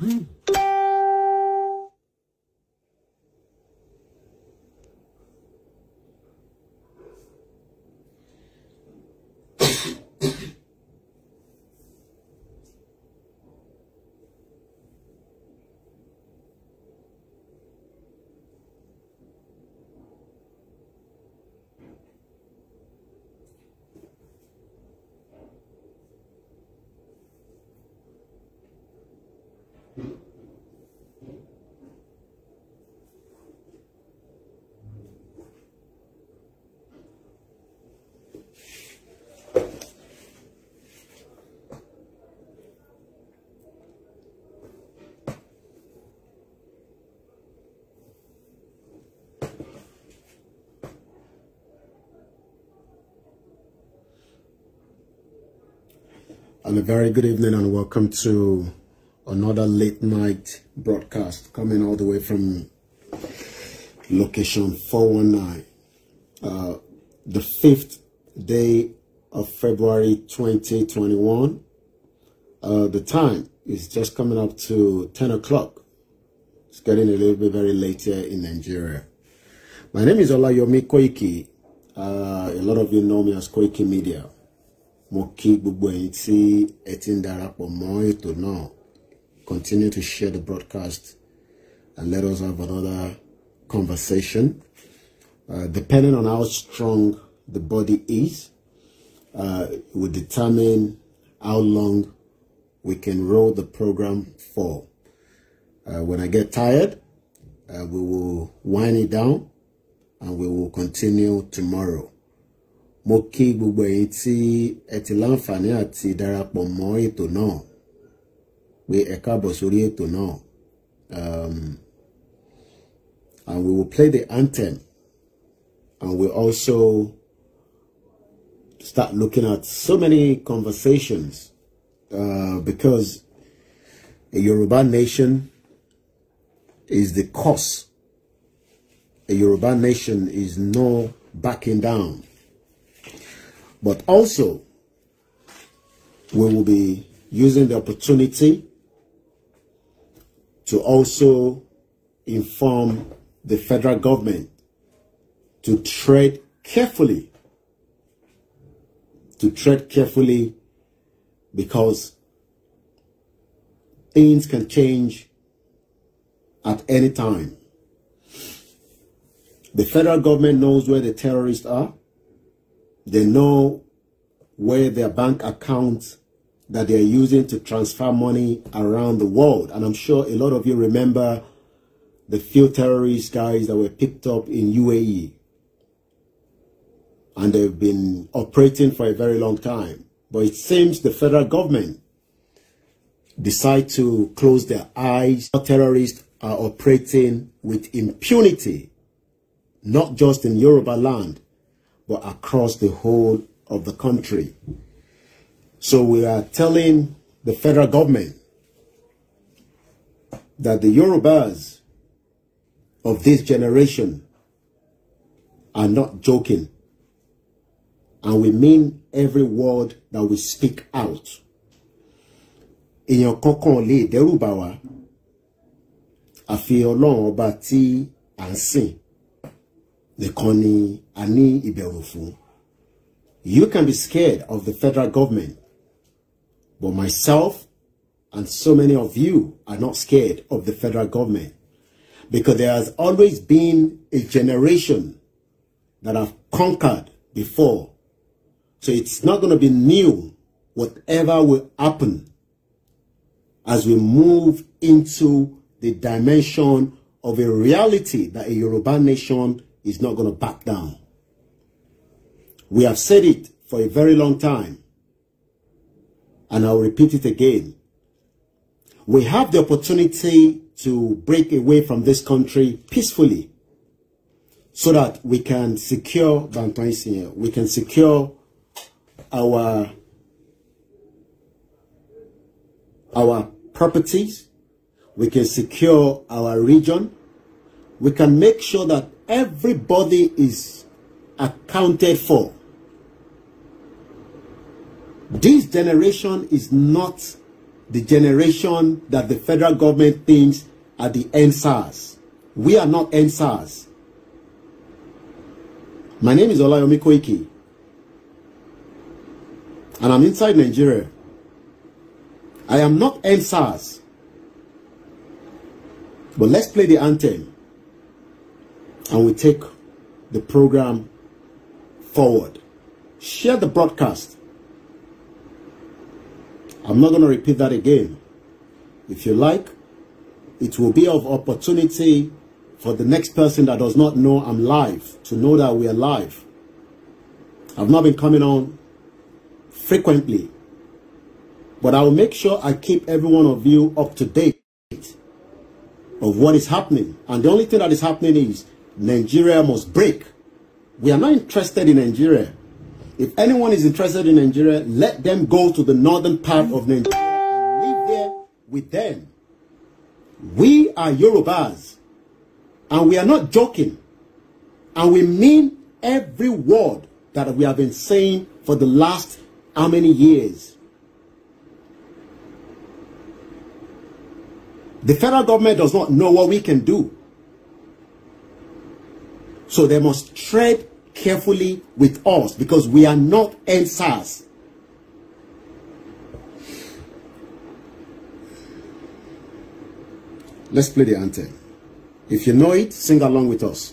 Hmm. And a very good evening and welcome to another late night broadcast coming all the way from location 419. Uh, the fifth day of February 2021. Uh, the time is just coming up to 10 o'clock. It's getting a little bit very late here in Nigeria. My name is Olayomi Koiki. Uh, a lot of you know me as Koiki Media mo kí gbogbo ẹ̀yin tí ẹ ti ń mọ́ ètò continue to share the broadcast and let us have another conversation uh, depending on how strong the body is uh, it will determine how long we can roll the program for uh, when I get tired uh, we will wind it down and we will continue tomorrow mo kí gbogbo ẹ̀yin tí ẹ ti láǹfààní àti darapọ̀ mọ́ ètò náà pé ẹ káàbọ̀ sórí ètò náà um, and we will play the anthem and we also start looking at so many conversations uh, because a Yoruba nation is the cause. A Yoruba nation is no backing down. But also, we will be using the opportunity to also inform the federal government to tread carefully, to tread carefully because things can change at any time. The federal government knows where the terrorists are. They know where their bank accounts that they're using to transfer money around the world. And I'm sure a lot of you remember the few terrorist guys that were picked up in UAE. And they've been operating for a very long time. But it seems the federal government decide to close their eyes. Terrorists are operating with impunity, not just in Yoruba land, but across the whole of the country. So we are telling the federal government that the Yorubas of this generation are not joking. And we mean every word that we speak out. In your ò lè dẹ́rù bà wá. Àfi Ọlọ́run ọba tí the corny, a ní You can be scared of the federal government, but myself and so many of you are not scared of the federal government because there has always been a generation that have conquered before. So it's not going to be new, whatever will happen as we move into the dimension of a reality that a Yoruba nation is not going to back down. We have said it for a very long time. And I'll repeat it again. We have the opportunity to break away from this country peacefully so that we can secure Bantoin Senior, we can secure our our properties, we can secure our region, we can make sure that everybody is accounted for. This generation is not the generation that the federal government thinks are the answers. We are not answers. My name is Olayomi Koiki. And I'm inside Nigeria. I am not answers. But let's play the anthem and we take the program forward. Share the broadcast. I'm not going to repeat that again. If you like, it will be of opportunity for the next person that does not know I'm live to know that we are live. I've not been coming on frequently, but I will make sure I keep every one of you up to date of what is happening. And the only thing that is happening is Nigeria must break. We are not interested in Nigeria. If anyone is interested in Nigeria, let them go to the northern part of Nigeria and live there with them. We are Yorubas. And we are not joking. And we mean every word that we have been saying for the last how many years. The federal government does not know what we can do. So they must tread carefully with us because we are not answers. Let's play the anthem. If you know it, sing along with us.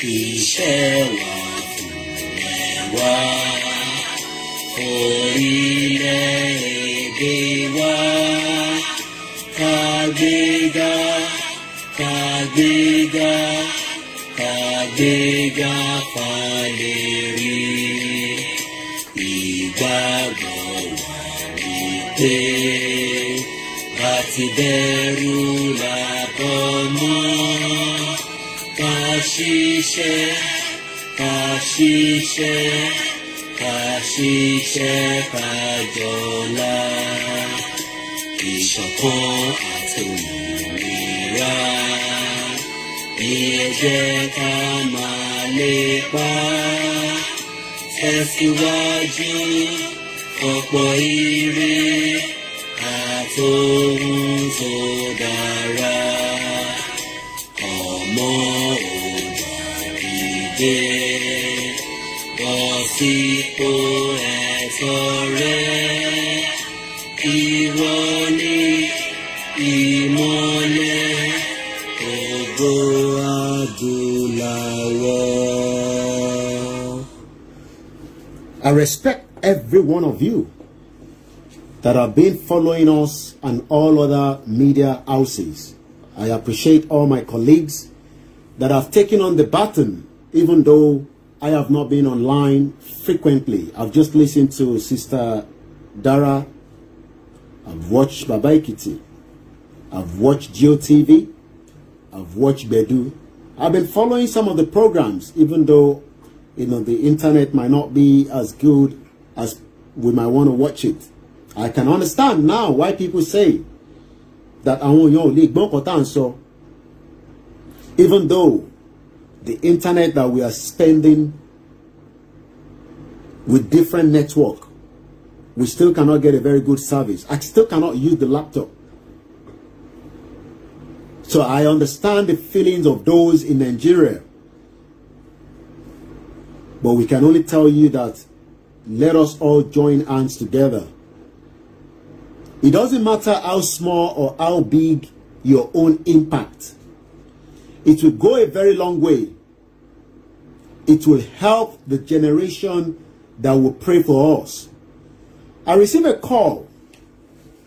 Peace and love. orílẹ̀-èdè wa kàgbéga kàgbéga kàgbéga falẹ̀ rí ìgbàgbọ́ wa rí pé bá bẹ̀rù làbọ̀ mọ́ ká ṣiṣẹ́ ká ṣiṣẹ́ ká ṣiṣẹ́ kájọ ọ̀la ìṣọ̀kan àti òmìnira ẹ jẹ́ ká máa lépa tẹ̀síwájú ọ̀pọ̀ ire àtòhun tó dára ọmọ ògbà dìde. I respect every one of you that have been following us and all other media houses. I appreciate all my colleagues that have taken on the baton, even though I have not been online frequently. I've just listened to Sister Dara. I've watched Babaikiti. I've watched GeoTV. I've watched Bedu. I've been following some of the programs, even though you know the internet might not be as good as we might want to watch it. I can understand now why people say that I èèyàn your league. gbọ́ nǹkan ń sọ. Even though the internet that we are spending with different network, we still cannot get a very good service. I still cannot use the laptop. So I understand the feelings of those in Nigeria. But we can only tell you that let us all join hands together. It doesn't matter how small or how big your own impact it will go a very long way. It will help the generation that will pray for us. I received a call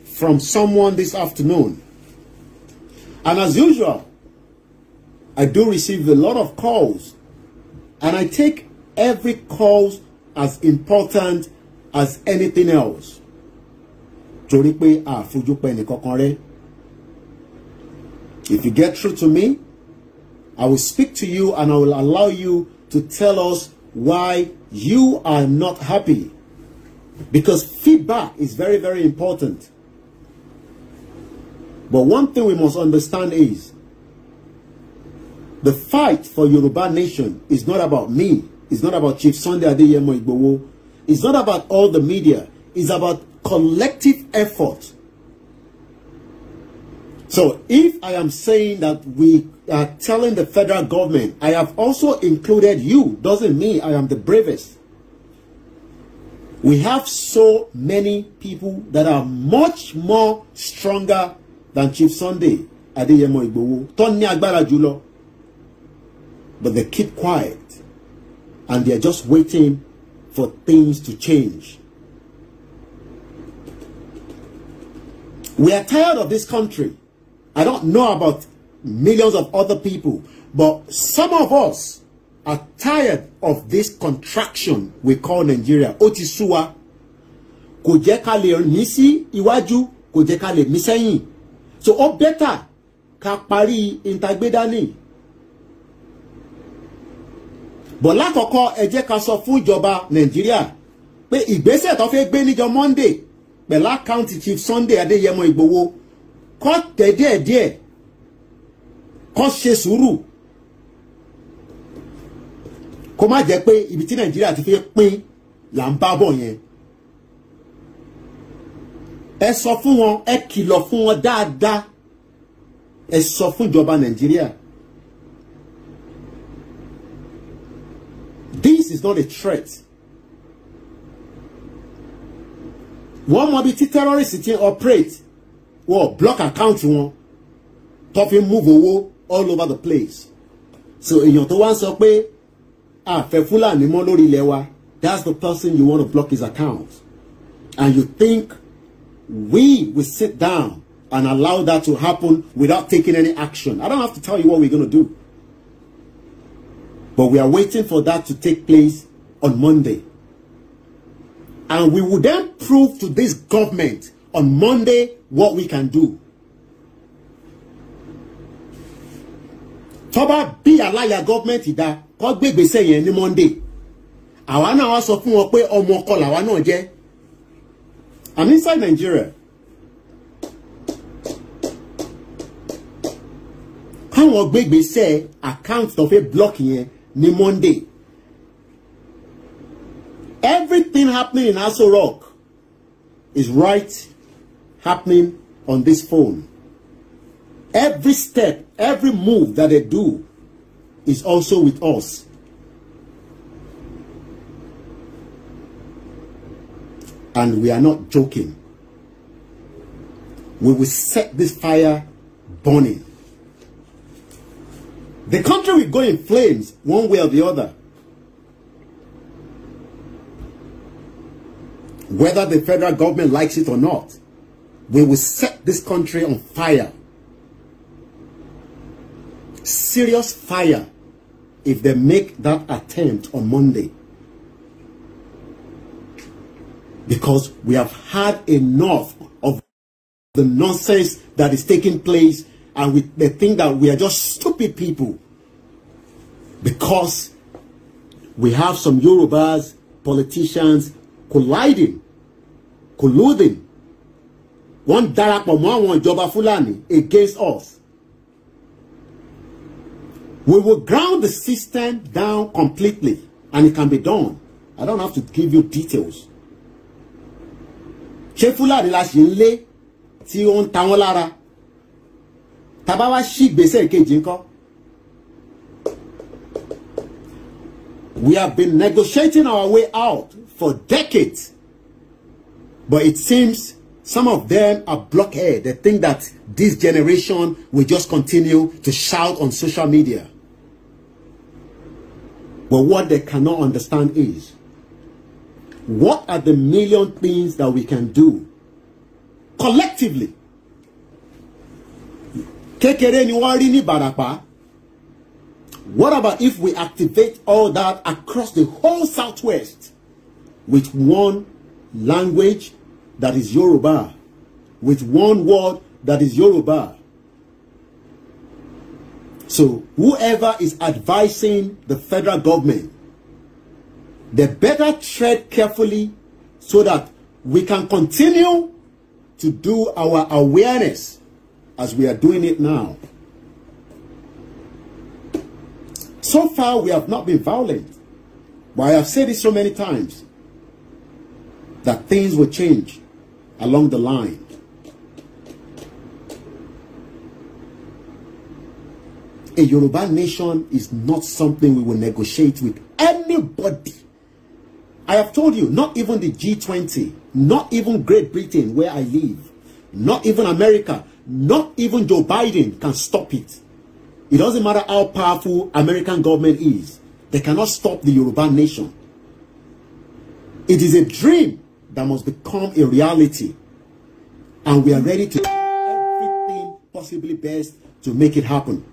from someone this afternoon. And as usual, I do receive a lot of calls. And I take every call as important as anything else. If you get through to me, I will speak to you and I will allow you to tell us why you are not happy. Because feedback is very, very important. But one thing we must understand is the fight for Yoruba nation is not about me. It's not about Chief Sunday Adeyemo Igbowo. It's not about all the media. It's about collective effort. So if I am saying that we uh, telling the federal government, I have also included you, doesn't mean I am the bravest. We have so many people that are much more stronger than Chief Sunday jùlọ. But they keep quiet and they are just waiting for things to change. We are tired of this country. I don't know about millions of other people. But some of us are tired of this contraction we call Nigeria. Otisua, ti sú wa. Kò jẹ́ ká lè mí sí iwájú, kò jẹ́ ká lè mí sẹ́yìn. So ó bẹ́tà ká parí ìtagbédání. But lákọ̀ọ́kọ́ ẹ jẹ́ ká sọ fún ìjọba Nàìjíríà pé ìgbésẹ̀ tó fẹ́ gbé níjọ́ Monday pẹ̀lú àkáǹtì Chief Sunday Adéyẹmọ Ìgbòho kọ́ tẹ̀ kán ṣe sùúrù kó má jẹ́ pé ibi tí nàìjíríà ti fẹ́ pín là ń bá bọ̀ yẹn ẹ sọ fún wọn ẹ kìlọ̀ fún wọn dáadáa ẹ sọ fún ìjọba nàìjíríà this is not a threat wọ́n mọ ibi tí terrorists ti operate wọ́n block account wọn tó fi move owó all over the place so èèyàn tó wá ń sọ pé àfẹ́ fúlàní mọ́ lórí ilẹ̀ wa that's the person you want to block his account and you think we will sit down and allow that to happen without taking any action i don't have to tell you what we're going to do but we are waiting for that to take place on monday and we will then prove to this government on monday what we can do tó bá bí aláya gọ́ọ̀mẹ̀ntì da. kó gbé ìgbésẹ̀ yẹn ní Monday àwa náà wá sọ fún wọn pé ọmọ ọkọ làwa náà jẹ́ I'm inside Nigeria káwọn gbé ìgbésẹ̀ account tó fẹ́ block yẹn ní Monday everything happening in Aso Rock is right happening on this phone. Every step, every move that they do is also with us. And we are not joking. We will set this fire burning. The country will go in flames one way or the other. Whether the federal government likes it or not, we will set this country on fire serious fire if they make that attempt on Monday. Because we have had enough of the nonsense that is taking place and we, they think that we are just stupid people because we have some Yorubas, politicians colliding, colluding, wọ́n darapọ̀ mọ́ àwọn ìjọba Fúlàní against us. We will ground the system down completely, and it can be done. I don't have to give you details. Ṣé Fúlàní la ṣe ń lé tí ó ń ta wọ́n lára? Tàbá wá sí kejì ńkọ́. We have been negotiating our way out for decades. But it seems some of them are blockhead. They think that this generation will just continue to shout on social media. But what they cannot understand is what are the million things that we can do collectively? Kékeré ni wọ́n rí ní What about if we activate all that across the whole Southwest with one language that is Yoruba, with one word that is Yoruba? So whoever is advising the federal government, they better tread carefully so that we can continue to do our awareness as we are doing it now. So far, we have not been violent. But I have said it so many times that things will change along the line. a Yoruba nation is not something we will negotiate with anybody. I have told you, not even the G20, not even Great Britain where I live, not even America, not even Joe Biden can stop it. It doesn't matter how powerful American government is. They cannot stop the Yoruba nation. It is a dream that must become a reality. And we are ready to do everything possibly best to make it happen.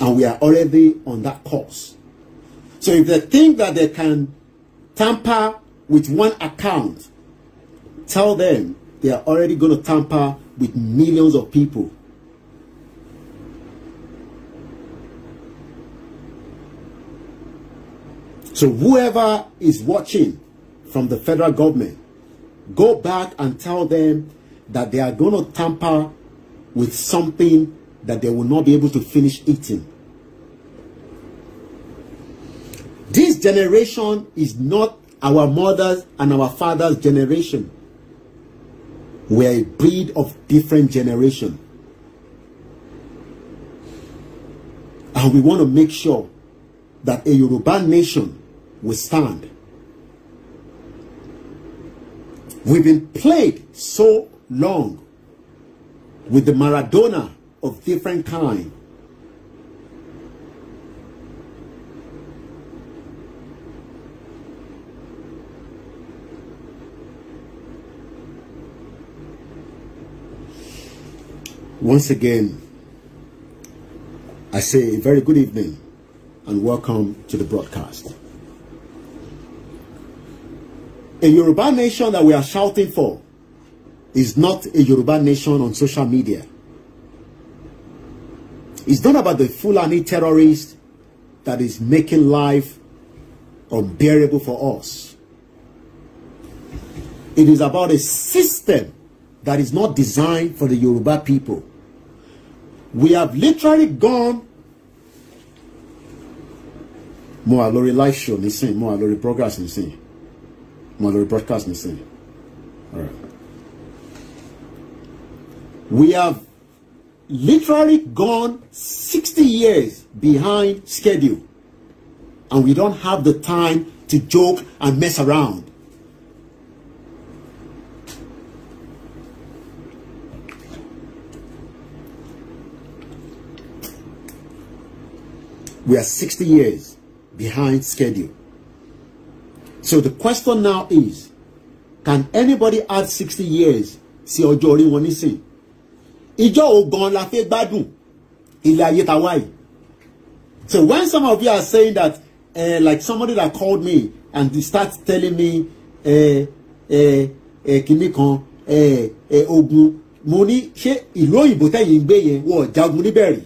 And we are already on that course. So if they think that they can tamper with one account, tell them they are already going to tamper with millions of people. So whoever is watching from the federal government, go back and tell them that they are going to tamper with something that they will not be able to finish eating. This generation is not our mothers and our fathers' generation. We are a breed of different generation. And we want to make sure that a Yoruba nation will stand. We've been played so long with the Maradona of different kind Once again, I say a very good evening and welcome to the broadcast. A Yoruba nation that we are shouting for is not a Yoruba nation on social media. It's not about the Fulani terrorist that is making life unbearable for us. It is about a system that is not designed for the Yoruba people. we have literally gone mo wà lórí live show nísìnyí mo wà lórí broadcast nísìnyí mo wà lórí broadcast nísìnyí all right we have literally gone sixty years behind schedule and we don't have the time to joke and mess around We are 60 years behind schedule. So the question now is, can anybody add 60 years sí ọjọ́ orí wọn nísìn? Ìjọ ògan la fẹ́ gbádùn ilé ayé ta wáyé. So when some of you are saying that, uh, like somebody that called me and they start telling me, uh, eh, uh, eh, uh, kìnnì kan, uh, uh, ogun, mo ní ṣé ìlú òyìnbó tẹ̀yìn ń gbé yẹn wọ́n jagun níbẹ̀ rí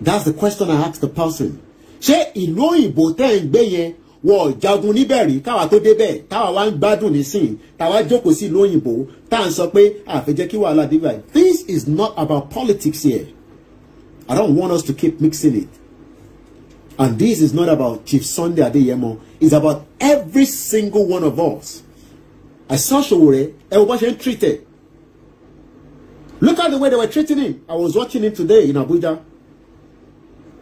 that's the question I ask the person ṣé ìlú òyìnbó tẹ́ ń gbé yẹn wọ jagun níbẹ̀ rí káwa tó débẹ̀ táwa wá ń gbádùn nísìn táwa jókòó sí ìlú òyìnbó tá à ń sọ pé àfẹjẹ́ kí wàhálà dé this is not about politics here I don't want us to keep mixing it and this is not about Chief Sunday Adeyemo it's about every single one of us àìsàn ṣòwò rẹ ẹ wo bá ṣe ń treat ẹ look at the way they were treating him I was watching him today in Abuja.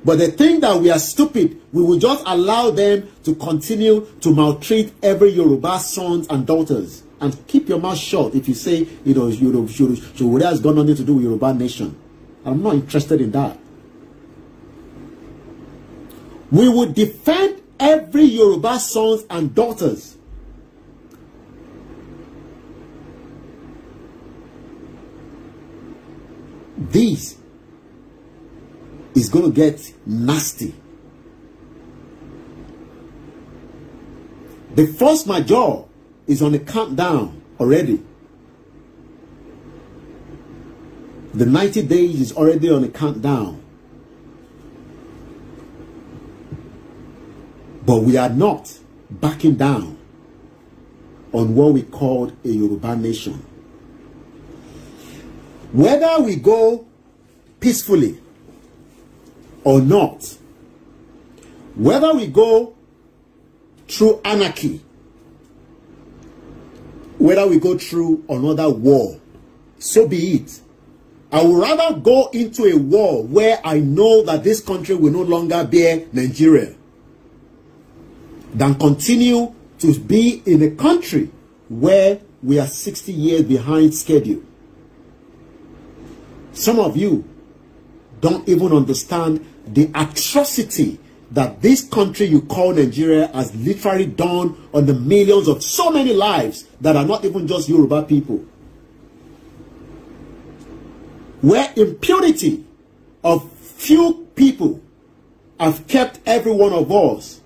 But they think that we are stupid. We will just allow them to continue to maltreat every Yoruba sons and daughters. And keep your mouth shut if you say, you know, Yoruba, Yoruba, Yoruba has got nothing to do with Yoruba nation. I'm not interested in that. We will defend every Yoruba sons and daughters. These is going to get nasty. The force major is on the countdown already. The 90 days is already on the countdown. But we are not backing down on what we called a Yoruba nation. Whether we go peacefully or not, whether we go through anarchy, whether we go through another war, so be it. I would rather go into a war where I know that this country will no longer bear Nigeria than continue to be in a country where we are 60 years behind schedule. Some of you don't even understand the atrocity that this country you call Nigeria has literally done on the millions of so many lives that are not even just Yoruba people. Where impunity of few people have kept every one of us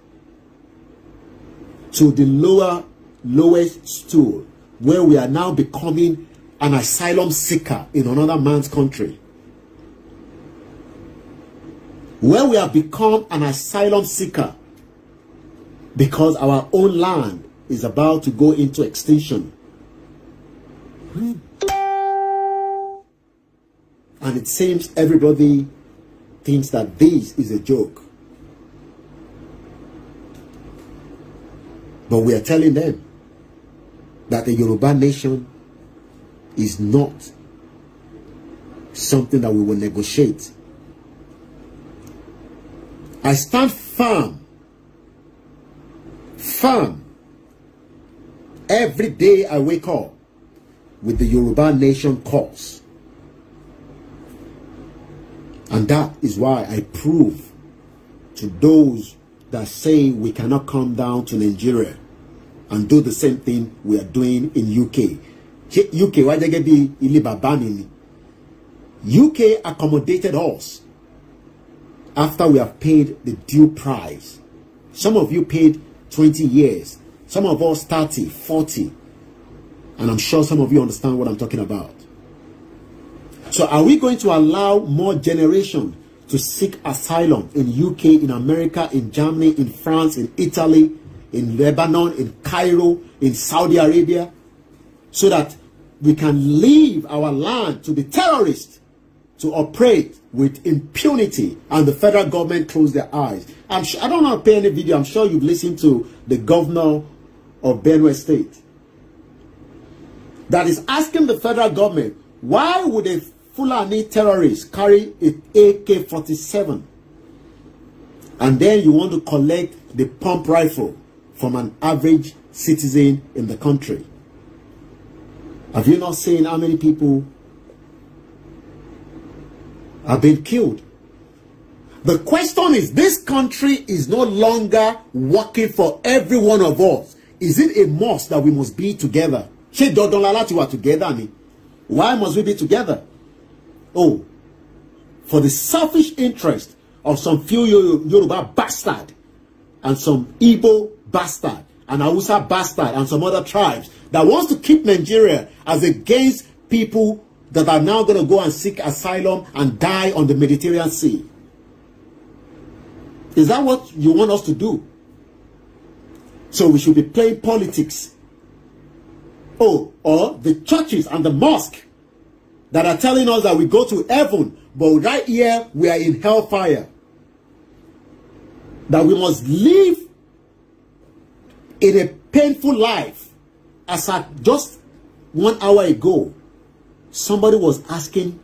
to the lower, lowest stool, where we are now becoming an asylum seeker in another man's country where we have become an asylum seeker because our own land is about to go into extinction. And it seems everybody thinks that this is a joke. But we are telling them that the Yoruba nation is not something that we will negotiate I stand firm, firm. Every day I wake up with the Yoruba nation cause. And that is why I prove to those that say we cannot come down to Nigeria and do the same thing we are doing in UK. UK, why they get the UK accommodated us after we have paid the due price. Some of you paid 20 years, some of us 30, 40. And I'm sure some of you understand what I'm talking about. So are we going to allow more generation to seek asylum in UK, in America, in Germany, in France, in Italy, in Lebanon, in Cairo, in Saudi Arabia, so that we can leave our land to the terrorists to operate with impunity and the federal government closed their eyes. I'm sure, I don't want to play any video. I'm sure you've listened to the governor of Benue State that is asking the federal government, why would a Fulani terrorist carry an AK-47? And then you want to collect the pump rifle from an average citizen in the country. Have you not seen how many people have been killed. The question is, this country is no longer working for every one of us. Is it a must that we must be together? Ṣé dandan la láti wà together ni? Why must we be together? Oh, for the selfish interest of some few Yoruba bastard and some Igbo bastard and Hausa bastard and some other tribes that wants to keep Nigeria as against people that are now going to go and seek asylum and die on the Mediterranean Sea. Is that what you want us to do? So we should be playing politics. Oh, or the churches and the mosque that are telling us that we go to heaven, but right here we are in hellfire. That we must live in a painful life. As at just one hour ago, somebody was asking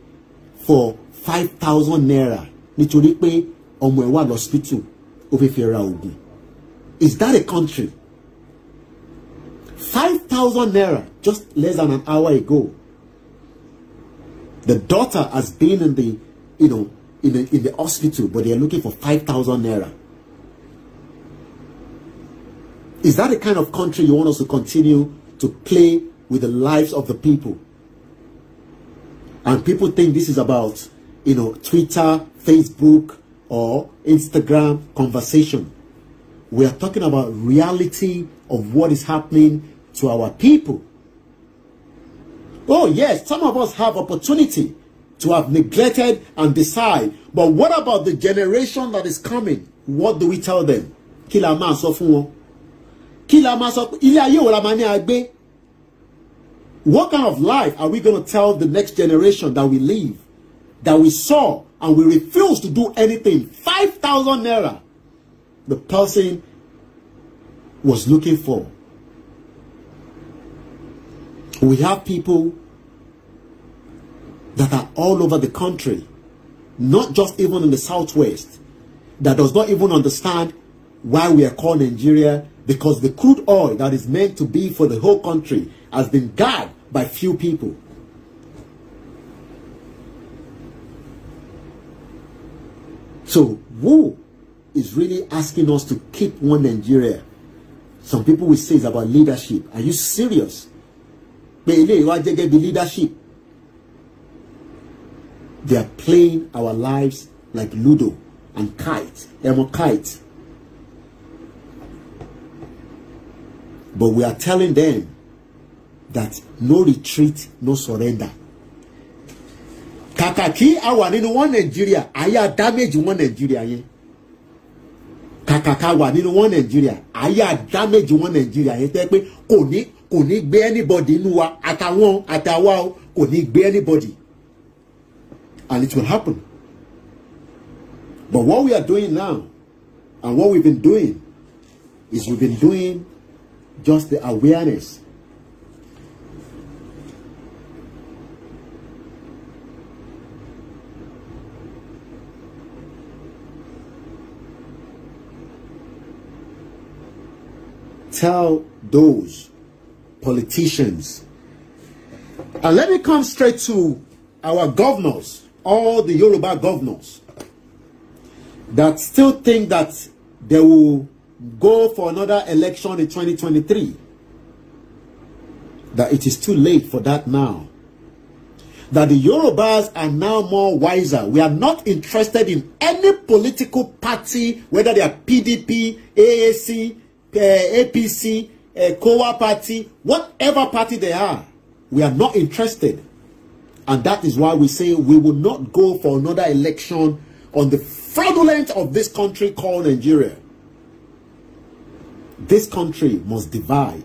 for five thousand naira nítorí pé ọmọ ẹ̀ wà hospital ó fẹ́ fi is that a country five thousand naira just less than an hour ago the daughter has been in the you know in the in the hospital but they are looking for five thousand naira. Is that the kind of country you want us to continue to play with the lives of the people? And people think this is about, you know, Twitter, Facebook, or Instagram conversation. We are talking about reality of what is happening to our people. Oh, yes, some of us have opportunity to have neglected and decide. But what about the generation that is coming? What do we tell them? Kí la máa sọ fún wọn? Kí la máa sọ ilé ayé wo la máa ní agbé? What kind of life are we going to tell the next generation that we live, that we saw, and we refuse to do anything? 5,000 naira the person was looking for. We have people that are all over the country, not just even in the southwest, that does not even understand why we are called Nigeria because the crude oil that is meant to be for the whole country has been guarded by few people. So, who is really asking us to keep one Nigeria? Some people will say it's about leadership. Are you serious? But they get the leadership. They are playing our lives like Ludo and Kite, Emo Kite. But we are telling them that no retreat no surrender kàkà kí a wà nínú wọn nàìjíríà àyà damage wọn nàìjíríà yẹn kàkà ká wà nínú wọn nàìjíríà àyà damage wọn nàìjíríà yẹn tẹ́ pé kò ní kò ní gbé anybody inú wa àtàwọn àtàwa o kò ní gbé anybody and it will happen but what we are doing now and what we been doing is we been doing just the awareness tell those politicians. And let me come straight to our governors, all the Yoruba governors, that still think that they will go for another election in 2023. That it is too late for that now. That the Yorubas are now more wiser. We are not interested in any political party, whether they are PDP, AAC, uh, APC, COA uh, party, whatever party they are, we are not interested. And that is why we say we will not go for another election on the fraudulent of this country called Nigeria. This country must divide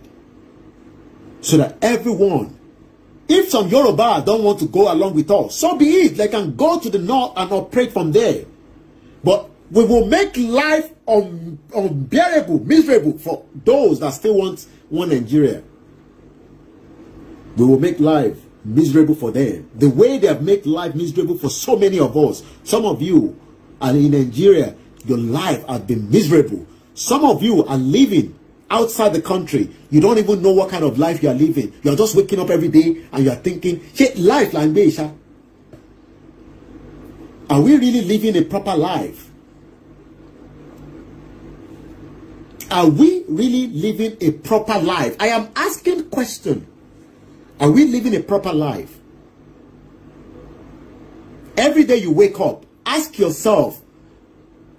so that everyone, if some Yoruba don't want to go along with us, so be it. They can go to the north and operate from there. But we will make life un unbearable, miserable for those that still want one Nigeria. We will make life miserable for them. The way they have made life miserable for so many of us. Some of you are in Nigeria, your life has been miserable. Some of you are living outside the country. You don't even know what kind of life you are living. You are just waking up every day and you are thinking, hey, life like this. Are we really living a proper life? Are we really living a proper life? I am asking question. Are we living a proper life? Every day you wake up, ask yourself,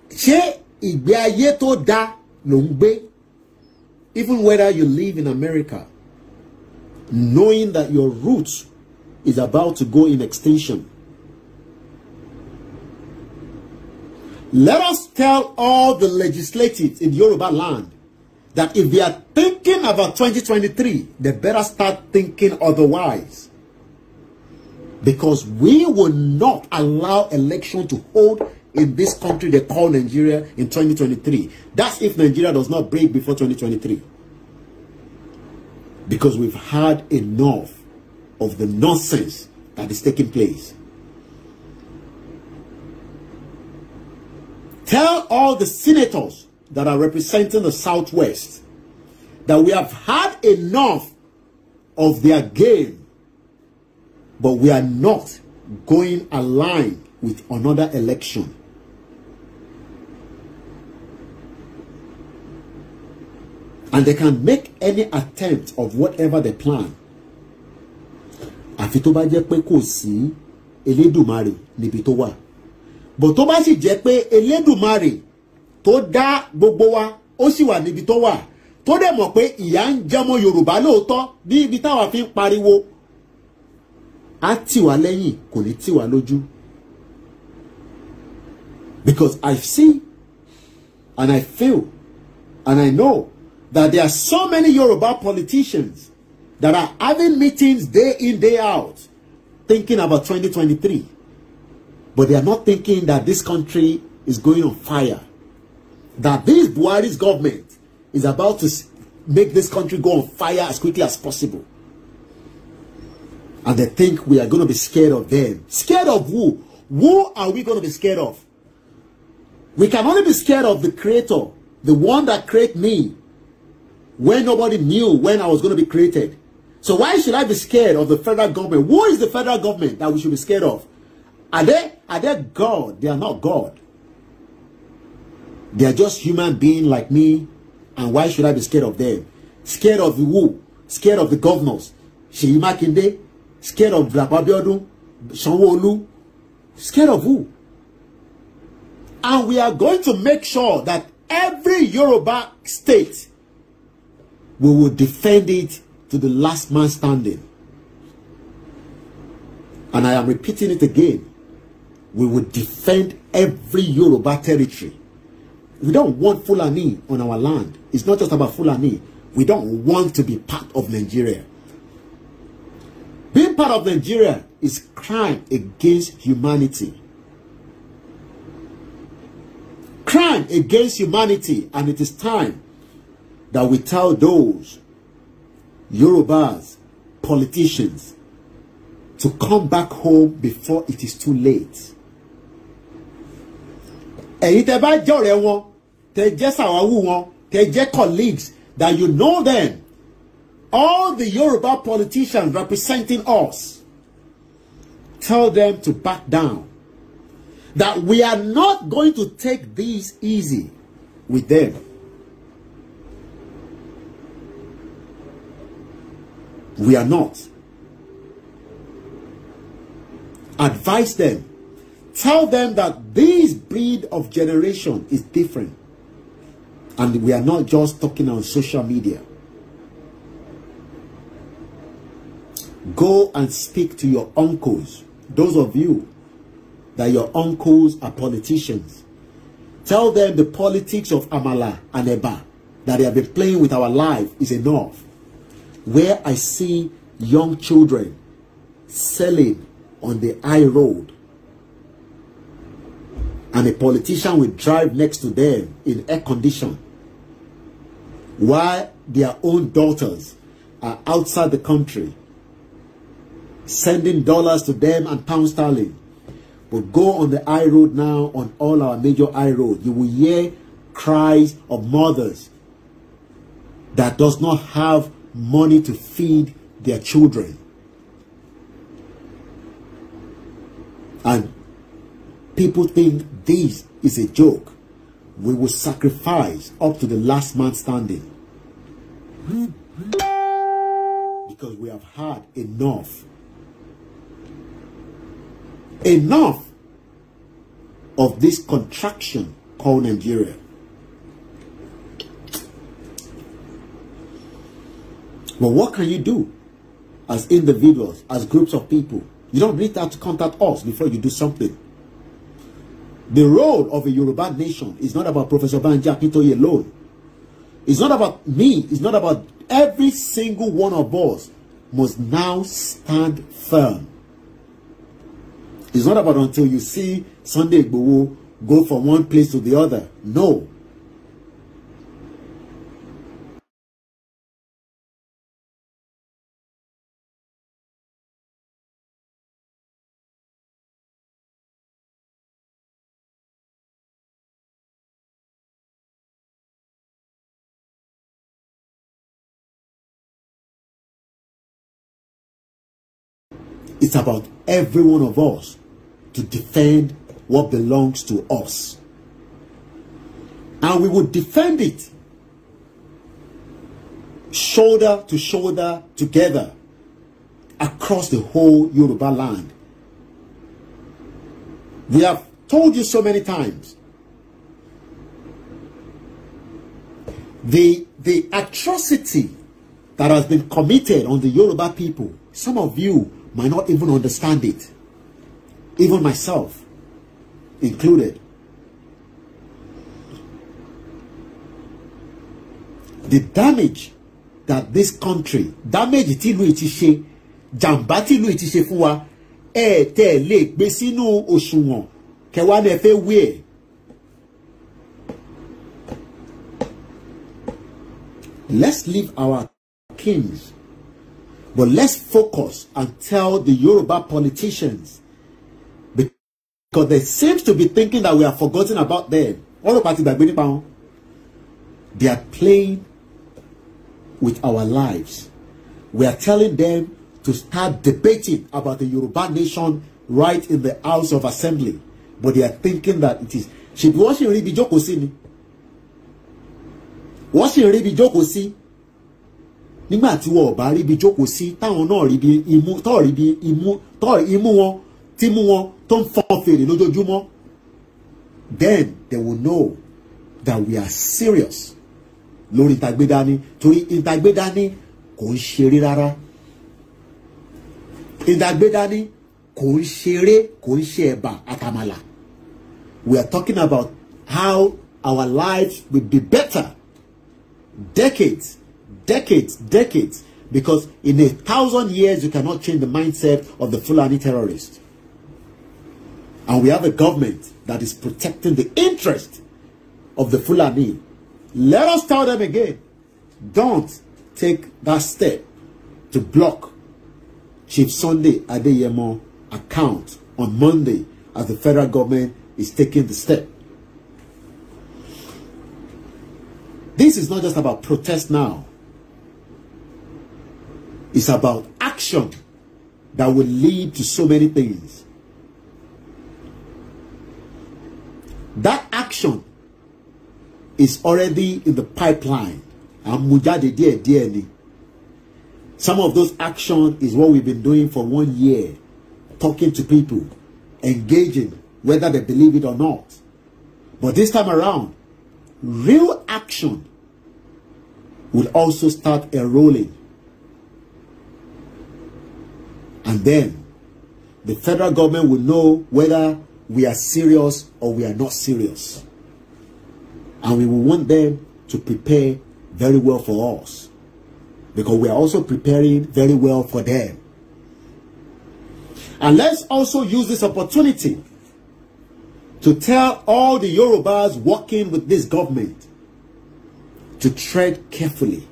tó Even whether you live in America, knowing that your roots is about to go in extinction, Let us tell all the legislators in Yoruba land that if they are thinking about 2023, they better start thinking otherwise. Because we will not allow election to hold in this country they call Nigeria in 2023. That's if Nigeria does not break before 2023. Because we've had enough of the nonsense that is taking place. Tell all the senators that are representing the Southwest that we have had enough of their game, but we are not going aligned with another election. And they can make any attempt of whatever they plan. Àfi tó bá jẹ́ pé kò sí Elédùmarè níbi tó wà bò tó bá sì jẹ́ pé elédùmarè tó dá gbogbo wa ó sì wà níbi tó wà tó dẹ̀ mọ̀ pé ìyà ń jẹmọ yorùbá lóòótọ́ ní ibi táwa fi ń pariwo á tì wá lẹ́yìn kò ní tì wá lójú because I see and I feel and I know that there are so many Yoruba politicians that are having meetings day in, day out, thinking about 2023. But they are not thinking that this country is going on fire. That this Buhari's government is about to make this country go on fire as quickly as possible. And they think we are going to be scared of them. Scared of who? Who are we going to be scared of? We can only be scared of the creator, the one that created me, when nobody knew when I was going to be created. So why should I be scared of the federal government? Who is the federal government that we should be scared of? Are they are they God? They are not God. They are just human beings like me. And why should I be scared of them? Scared of the who? Scared of the governors? Sheyi kinde? Scared of Dapò Abiodun? Sanwo-Olu? Scared of who? And we are going to make sure that every Yoruba state, we will defend it to the last man standing. And I am repeating it again. We will defend every Yoruba territory. We don't want Fulani on our land. It's not just about Fulani. We don't want to be part of Nigeria. Being part of Nigeria is crime against humanity. Crime against humanity. And it is time that we tell those Yorubas, politicians, to come back home before it is too late. ẹ̀yin tẹ́ bá jẹ́ ọ̀rẹ́ wọn tẹ́ jẹ́ sàwáwù wọn tẹ́ jẹ́ colleagues that you know them all the Yoruba politicians representing us tell them to back down that we are not going to take this easy with them. We are not. Advise them Tell them that this breed of generation is different. And we are not just talking on social media. Go and speak to your uncles. Those of you that your uncles are politicians. Tell them the politics of Amala and Eba that they have been playing with our life is enough. Where I see young children selling on the high road and a politician will drive next to them in air condition while their own daughters are outside the country sending dollars to them and pound sterling but go on the high road now on all our major high road you will hear cries of mothers that does not have money to feed their children and People think this is a joke. We will sacrifice up to the last man standing. Because we have had enough. Enough of this contraction called Nigeria. But what can you do as individuals, as groups of people? You don't need that to contact us before you do something. The role of a Yoruba nation is not about Professor Banja Akintoye alone. It's not about me. It's not about every single one of us must now stand firm. It's not about until you see Sunday Igboho go from one place to the other. No. It's about every one of us to defend what belongs to us. And we will defend it shoulder to shoulder together across the whole Yoruba land. We have told you so many times. The, the atrocity that has been committed on the Yoruba people, some of you might not even understand it. Even myself included. The damage that this country, damage tí lu yìí ti ṣe, jàǹbá tí ìlú yìí ti ṣe fún wa, ẹ tẹ́ lè gbé sínú òṣùwọ̀n kẹwàá lẹ fẹ́ wí ẹ̀. Let's leave our kings But let's focus and tell the Yoruba politicians because they seem to be thinking that we are forgotten about them. All the parties They are playing with our lives. We are telling them to start debating about the Yoruba nation right in the House of Assembly. But they are thinking that it is. She be watching ń rí ibi Watching sí ni. Wọ́n nígbà tí wọn ò bá ríbi jókòó sí táwọn náà ríbi imú tọ́ ríbi imú tọ́ imú wọn tí mú wọn tó ń fọn fèrè lójoojúmọ́ then they will know that we are serious lórí ìtagbédání torí ìtagbédání kò ń ṣeré rárá ìtagbédání kò ń ṣeré kò ń ṣe ẹ̀bà àtàmàlà we are talking about how our lives will be better decades decades, decades, because in a thousand years, you cannot change the mindset of the Fulani terrorists. And we have a government that is protecting the interest of the Fulani. Let us tell them again, don't take that step to block Chief Sunday Adeyemo account on Monday as the federal government is taking the step. This is not just about protest now. It's about action that will lead to so many things. That action is already in the pipeline. Some of those action is what we've been doing for one year. Talking to people, engaging, whether they believe it or not. But this time around, real action will also start enrolling and then the federal government will know whether we are serious or we are not serious. And we will want them to prepare very well for us. Because we are also preparing very well for them. And let's also use this opportunity to tell all the Yorubas working with this government to tread carefully.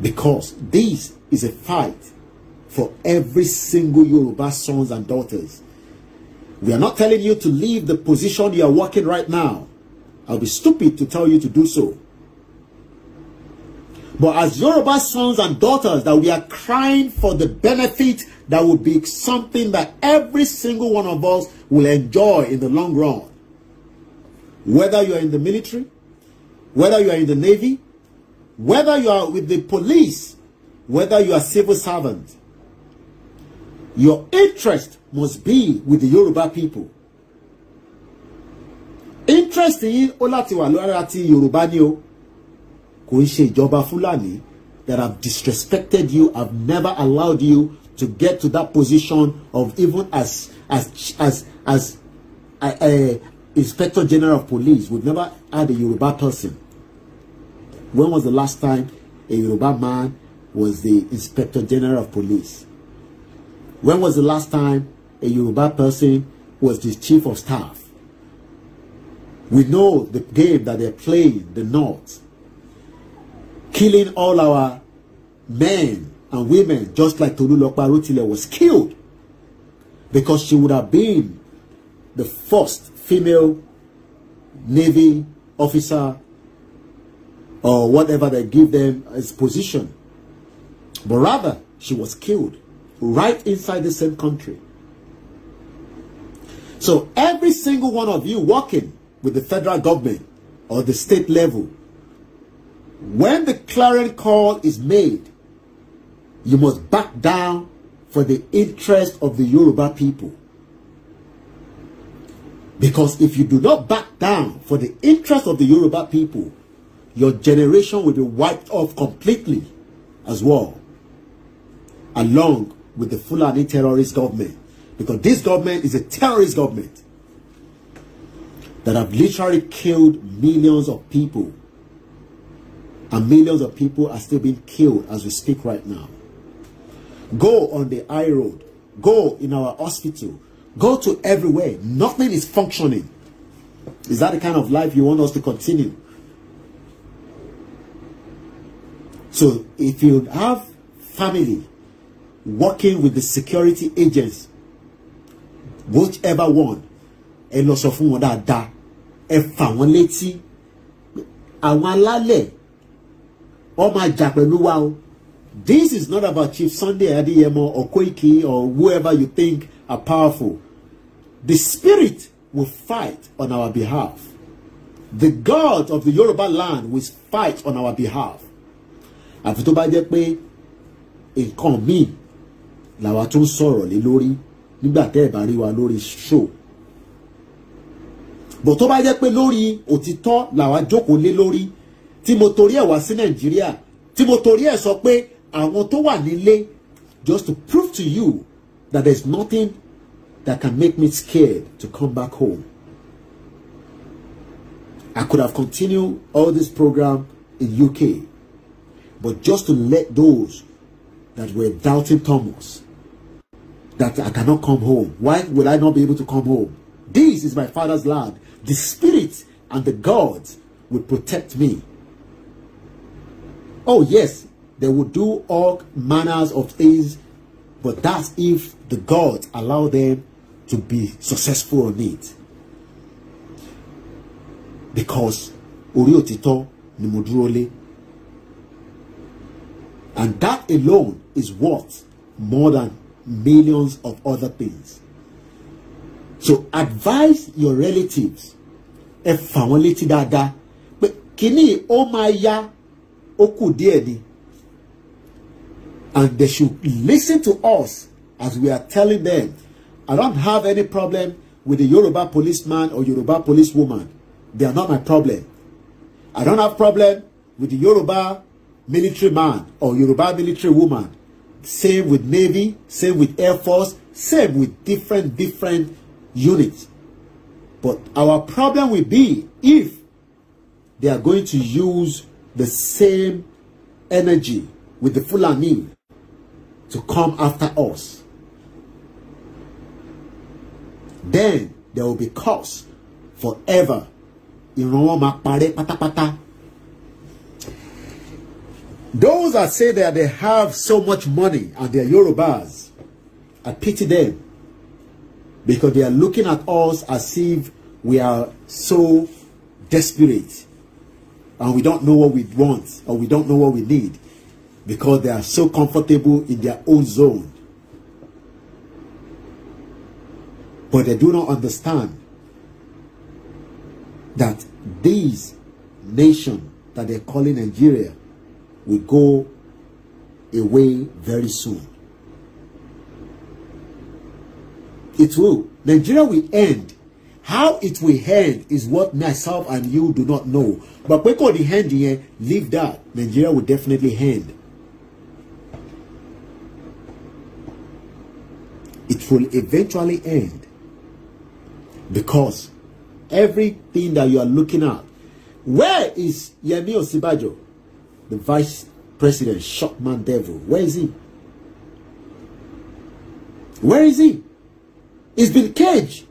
Because this is a fight for every single Yoruba sons and daughters. We are not telling you to leave the position you are working right now. I'll be stupid to tell you to do so. But as Yoruba sons and daughters that we are crying for the benefit that would be something that every single one of us will enjoy in the long run. Whether you are in the military, whether you are in the navy, whether you are with the police, whether you are civil servant, Your interest must be with the Yoruba people. Interest yín ó láti wà lára ti Yorùbá ni o. Kò ń ṣe ìjọba that have disrespected you, have never allowed you to get to that position of even as as as as uh, uh, Inspector General of Police. would never had a Yoruba person. When was the last time a Yoruba man was the Inspector General of Police? When was the last time a Yoruba person was the chief of staff? We know the game that they playing, the North, killing all our men and women, just like Tolu Lokbarutile was killed because she would have been the first female Navy officer or whatever they give them as position. But rather, she was killed right inside the same country. So every single one of you working with the federal government or the state level, when the clarion call is made, you must back down for the interest of the Yoruba people. Because if you do not back down for the interest of the Yoruba people, your generation will be wiped off completely as well, along with the Fulani terrorist government. Because this government is a terrorist government that have literally killed millions of people. And millions of people are still being killed as we speak right now. Go on the high road. Go in our hospital. Go to everywhere. Nothing is functioning. Is that the kind of life you want us to continue? So if you have family, working with the security agents whichever one ẹ lọ sọ fún wọn dáadáa ẹ fà wọn létí àwọn alálẹ̀ ọ máa jà pẹ̀lú wa o this is not about Chief Sunday Adeyemo or Koiki or whoever you think are powerful the spirit will fight on our behalf the God of the Yoruba land will fight on our behalf àfi tó bá jẹ́ pé nǹkan míì làwa tún sọ̀rọ̀ lé lórí nígbà tẹ́ ẹ̀ bá rí wa lórí show bọ̀ tó bá jẹ́ pé lórí òtítọ́ làwa jókòó lé lórí tí mo torí ẹ̀ wá sí nàìjíríà tí mo torí ẹ̀ sọ pé àwọn tó wà nílé just to prove to you that there is nothing that can make me scared to come back home. I could have continued all this program in UK, but just to let those that were doubting Thomas that I cannot come home. Why will I not be able to come home? This is my father's land. The spirit and the God will protect me. Oh, yes, they will do all manners of things, but that's if the God allow them to be successful on it. Because Oriotito Nimodurole. And that alone is worth more than millions of other things. So advise your relatives ẹ fà wọ́n létí dáadáa pé kínní ó máa yá ó kù díẹ̀ ni and they should listen to us as we are telling them I don't have any problem with the Yoruba policeman or Yoruba policewoman they are not my problem I don't have problem with the Yoruba military man or Yoruba military woman same with Navy, same with Air Force, same with different, different units. But our problem will be if they are going to use the same energy with the Fulani to come after us. Then there will be cause forever. Ìran wọn máa parẹ́ pátápátá Those that say that they have so much money and they're Yorubas, I pity them because they are looking at us as if we are so desperate and we don't know what we want or we don't know what we need because they are so comfortable in their own zone. But they do not understand that this nation that they're calling Nigeria will go away very soon. It will. Nigeria will end. How it will end is what myself and you do not know. But we call the end here, leave that. Nigeria will definitely end. It will eventually end. Because everything that you are looking at, where is Yemi Osibajo? the vice president, Shockman Devil. Where is he? Where is he? He's been caged.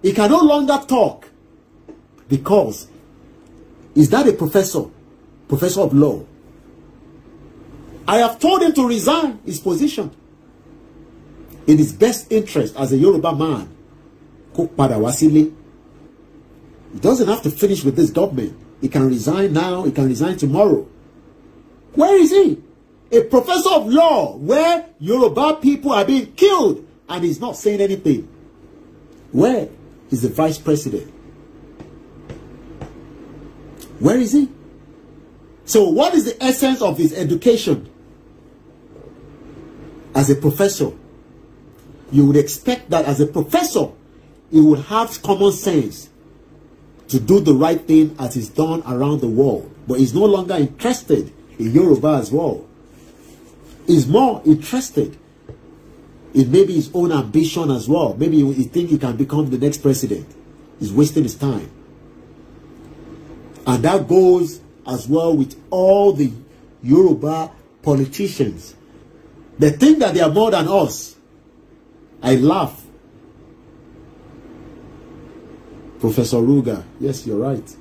He can no longer talk. Because, is that a professor? Professor of law. I have told him to resign his position. In his best interest as a Yoruba man, He doesn't have to finish with this government. He can resign now, he can resign tomorrow. Where is he? A professor of law where Yoruba people are being killed and he's not saying anything. Where is the vice president? Where is he? So what is the essence of his education? As a professor, you would expect that as a professor, he would have common sense to do the right thing as is done around the world. But he's no longer interested in Yoruba as well, is more interested in maybe his own ambition as well. Maybe he think he can become the next president. He's wasting his time. And that goes as well with all the Yoruba politicians. They think that they are more than us. I laugh. Professor Ruga, yes, you're right.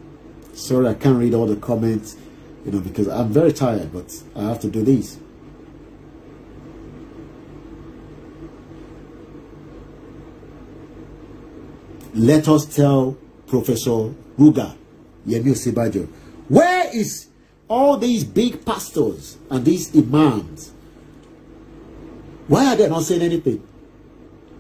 Sorry, I can't read all the comments you know, because I'm very tired, but I have to do these. Let us tell Professor Ruga Yemi Osibajo, where is all these big pastors and these imams? Why are they not saying anything?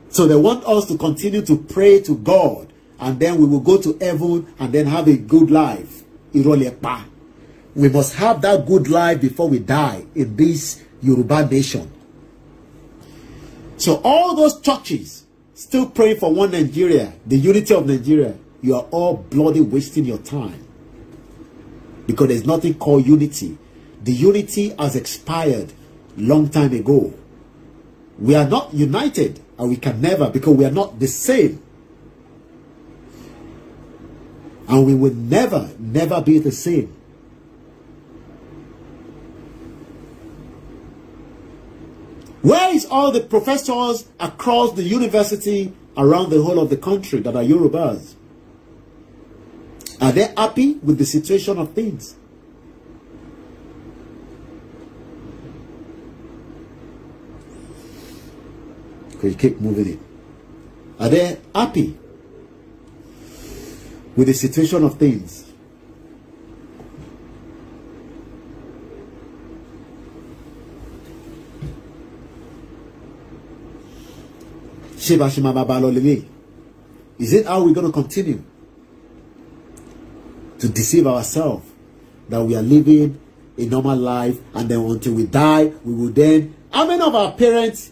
So they want us to continue to pray to God and then we will go to heaven and then have a good life. Irolepa. We must have that good life before we die in this Yoruba nation. So all those churches still praying for one Nigeria, the unity of Nigeria, you are all bloody wasting your time. Because there's nothing called unity. The unity has expired long time ago. We are not united and we can never because we are not the same. And we will never, never be the same. Where is all the professors across the university around the whole of the country that are Yorubas? Are they happy with the situation of things? Can you keep moving it. Are they happy with the situation of things? is it how we are gonna continue to deceive ourselves that we are living a normal life and then until we die we will then how many of our parents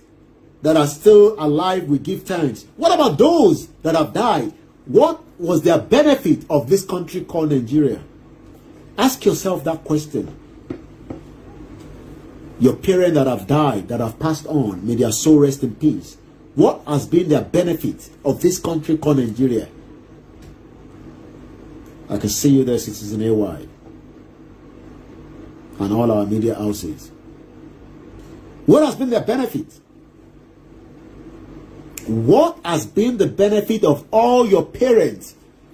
that are still alive we give thanks what about those that have died what was their benefit of this country called Nigeria ask yourself that question your parents that have died, that have passed on, may their soul rest in peace. What has been the benefit of this country called Nigeria? I can see you there, Citizen AY, and all our media houses. What has been the benefit? What has been the benefit of all your parents?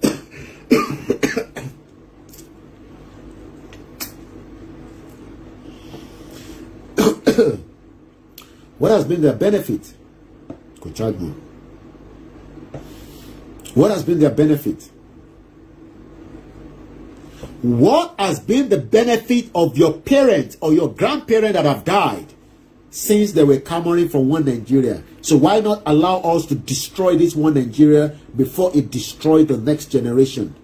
what has been the benefit Go charge What has been their benefit? What has been the benefit of your parents or your grandparents that have died since they were coming from one Nigeria? So why not allow us to destroy this one Nigeria before it destroys the next generation?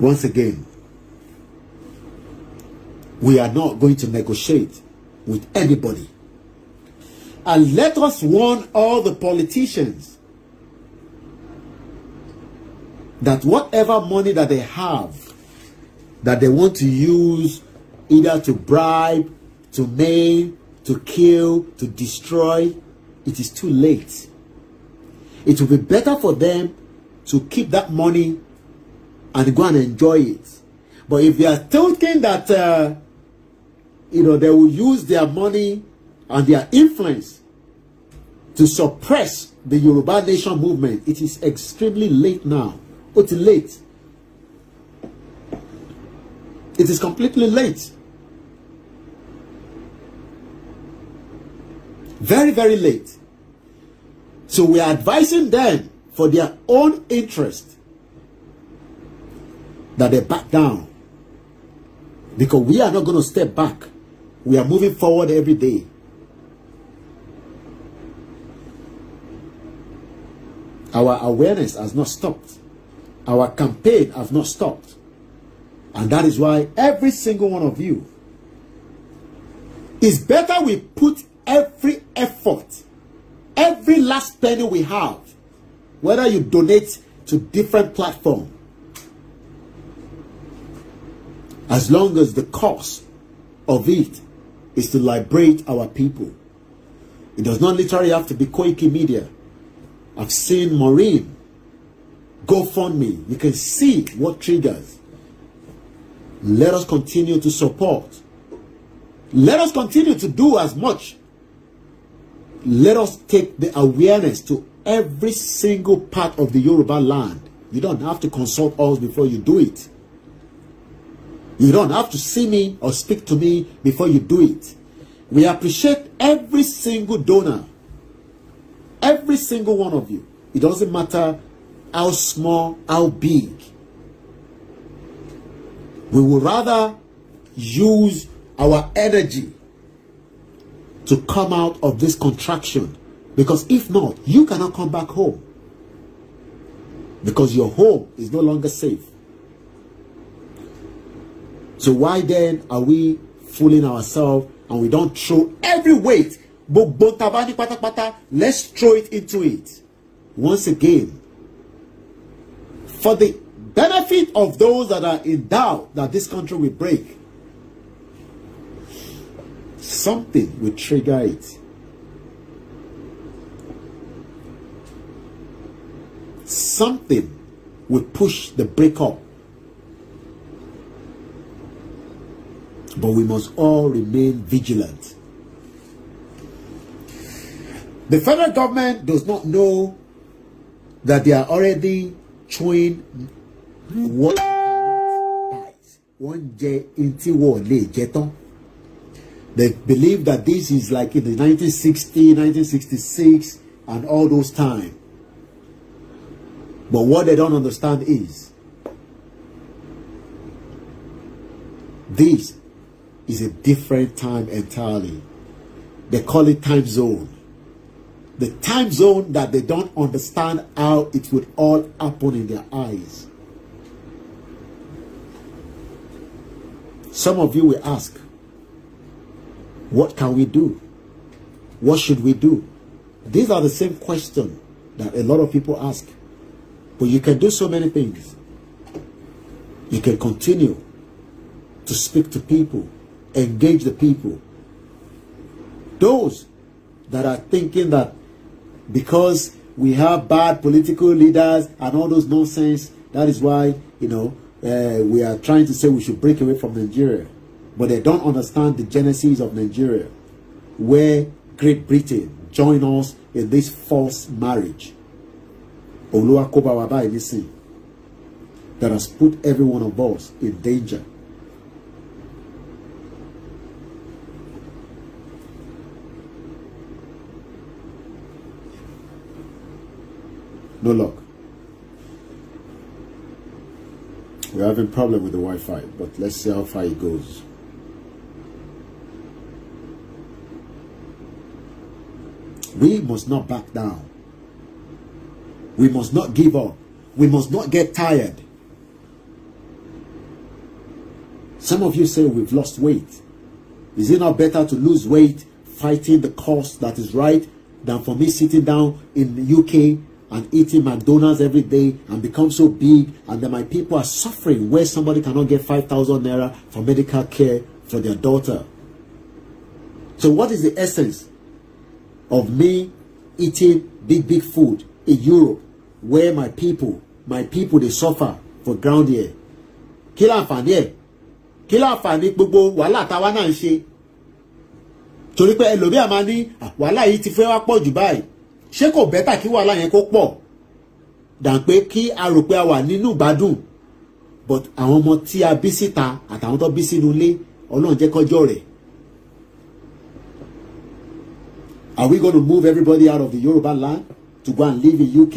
Once again, we are not going to negotiate with anybody. And let us warn all the politicians that whatever money that they have, that they want to use either to bribe, to maim, to kill, to destroy, it is too late. It will be better for them to keep that money and go and enjoy it. But if they are thinking that uh, you know, they will use their money and their influence to suppress the Yoruba nation movement. It is extremely late now. It's late. It is completely late. Very, very late. So we are advising them for their own interest that they back down. Because we are not going to step back. We are moving forward every day. Our awareness has not stopped. Our campaign has not stopped. And that is why every single one of you, is better we put every effort, every last penny we have, whether you donate to different platform, as long as the cost of it is to liberate our people. It does not literally have to be Koiki Media. I've seen Maureen, me. You can see what triggers. Let us continue to support. Let us continue to do as much. Let us take the awareness to every single part of the Yoruba land. You don't have to consult us before you do it. You don't have to see me or speak to me before you do it. We appreciate every single donor. Every single one of you. It doesn't matter how small, how big. We would rather use our energy to come out of this contraction. Because if not, you cannot come back home. Because your home is no longer safe. So why then are we fooling ourselves and we don't throw every weight? But let's throw it into it. Once again, for the benefit of those that are in doubt that this country will break, something will trigger it. Something will push the breakup But we must all remain vigilant. The federal government does not know that they are already chewing what oúnjẹ ntí wọ́n lè They believe that this is like in the 1960, 1966 and all those times. But what they don't understand is this is a different time entirely. They call it time zone. The time zone that they don't understand how it would all happen in their eyes. Some of you will ask, what can we do? What should we do? These are the same questions that a lot of people ask. But you can do so many things. You can continue to speak to people engage the people. Those that are thinking that because we have bad political leaders and all those nonsense, that is why, you know, uh, we are trying to say we should break away from Nigeria. But they don't understand the genesis of Nigeria, where Great Britain joined us in this false marriage. you see, that has put every one of us in danger. No luck. We're having problem with the Wi-Fi, but let's see how far it goes. We must not back down. We must not give up. We must not get tired. Some of you say we've lost weight. Is it not better to lose weight fighting the cause that is right than for me sitting down in the UK and eating McDonald's every day and become so big and then my people are suffering where somebody cannot get 5,000 naira for medical care for their daughter. So what is the essence of me eating big, big food in Europe where my people, my people, they suffer for ground here? Kí láǹfààní ẹ̀? Kí láǹfààní gbogbo wàhálà táwa náà ń ṣe? Torí pé ẹlòmíà máa ní ah, wàhálà yìí ti fẹ́ wá pọ̀ ṣé kò bẹ́tà kí wàhálà yẹn kó pọ̀ dàn pé kí a rò pé a wà nínú ìgbádùn but àwọn ọmọ tí a bí síta àtàwọn tó bí sínú ilé ọlọ́run jẹ́ kọjọ́ rẹ̀ are we gonna move everybody out of the Yoruba land to go and live in UK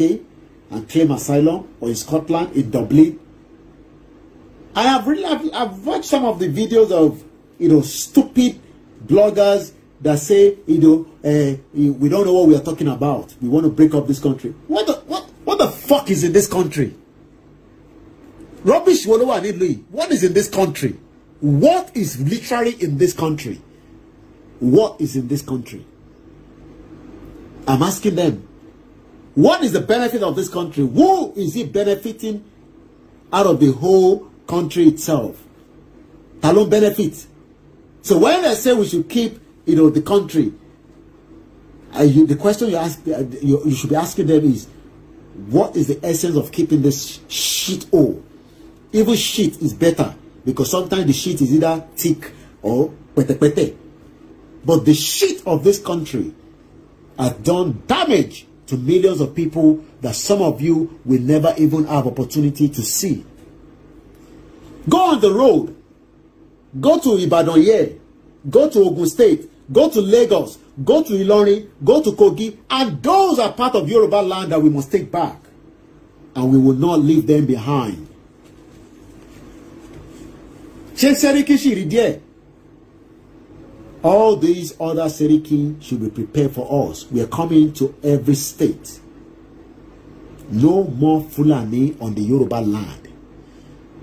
and claim asylum or in Scotland in Dublin I have really I've, I've watched some of the videos of you know stupid bloggers that say, you know, uh, we don't know what we are talking about. We want to break up this country. What the, what, what the fuck is in this country? Rubbish wo What is in this country? What is literally in this country? What is in this country? I'm asking them, what is the benefit of this country? Who is it benefiting out of the whole country itself? Talon benefit. So when I say we should keep you know, the country. And you, the question you ask, uh, you, you should be asking them is, what is the essence of keeping this shit all? Even shit is better because sometimes the shit is either thick or pete pete. But the shit of this country has done damage to millions of people that some of you will never even have opportunity to see. Go on the road. Go to Ibadan here. Go to Ogun State. go to Lagos, go to Ilorin, go to Kogi, and those are part of Yoruba land that we must take back. And we will not leave them behind. Ṣé Sẹ́ríkì ṣì All these other Seriki should be prepared for us. We are coming to every state. No more Fulani on the Yoruba land.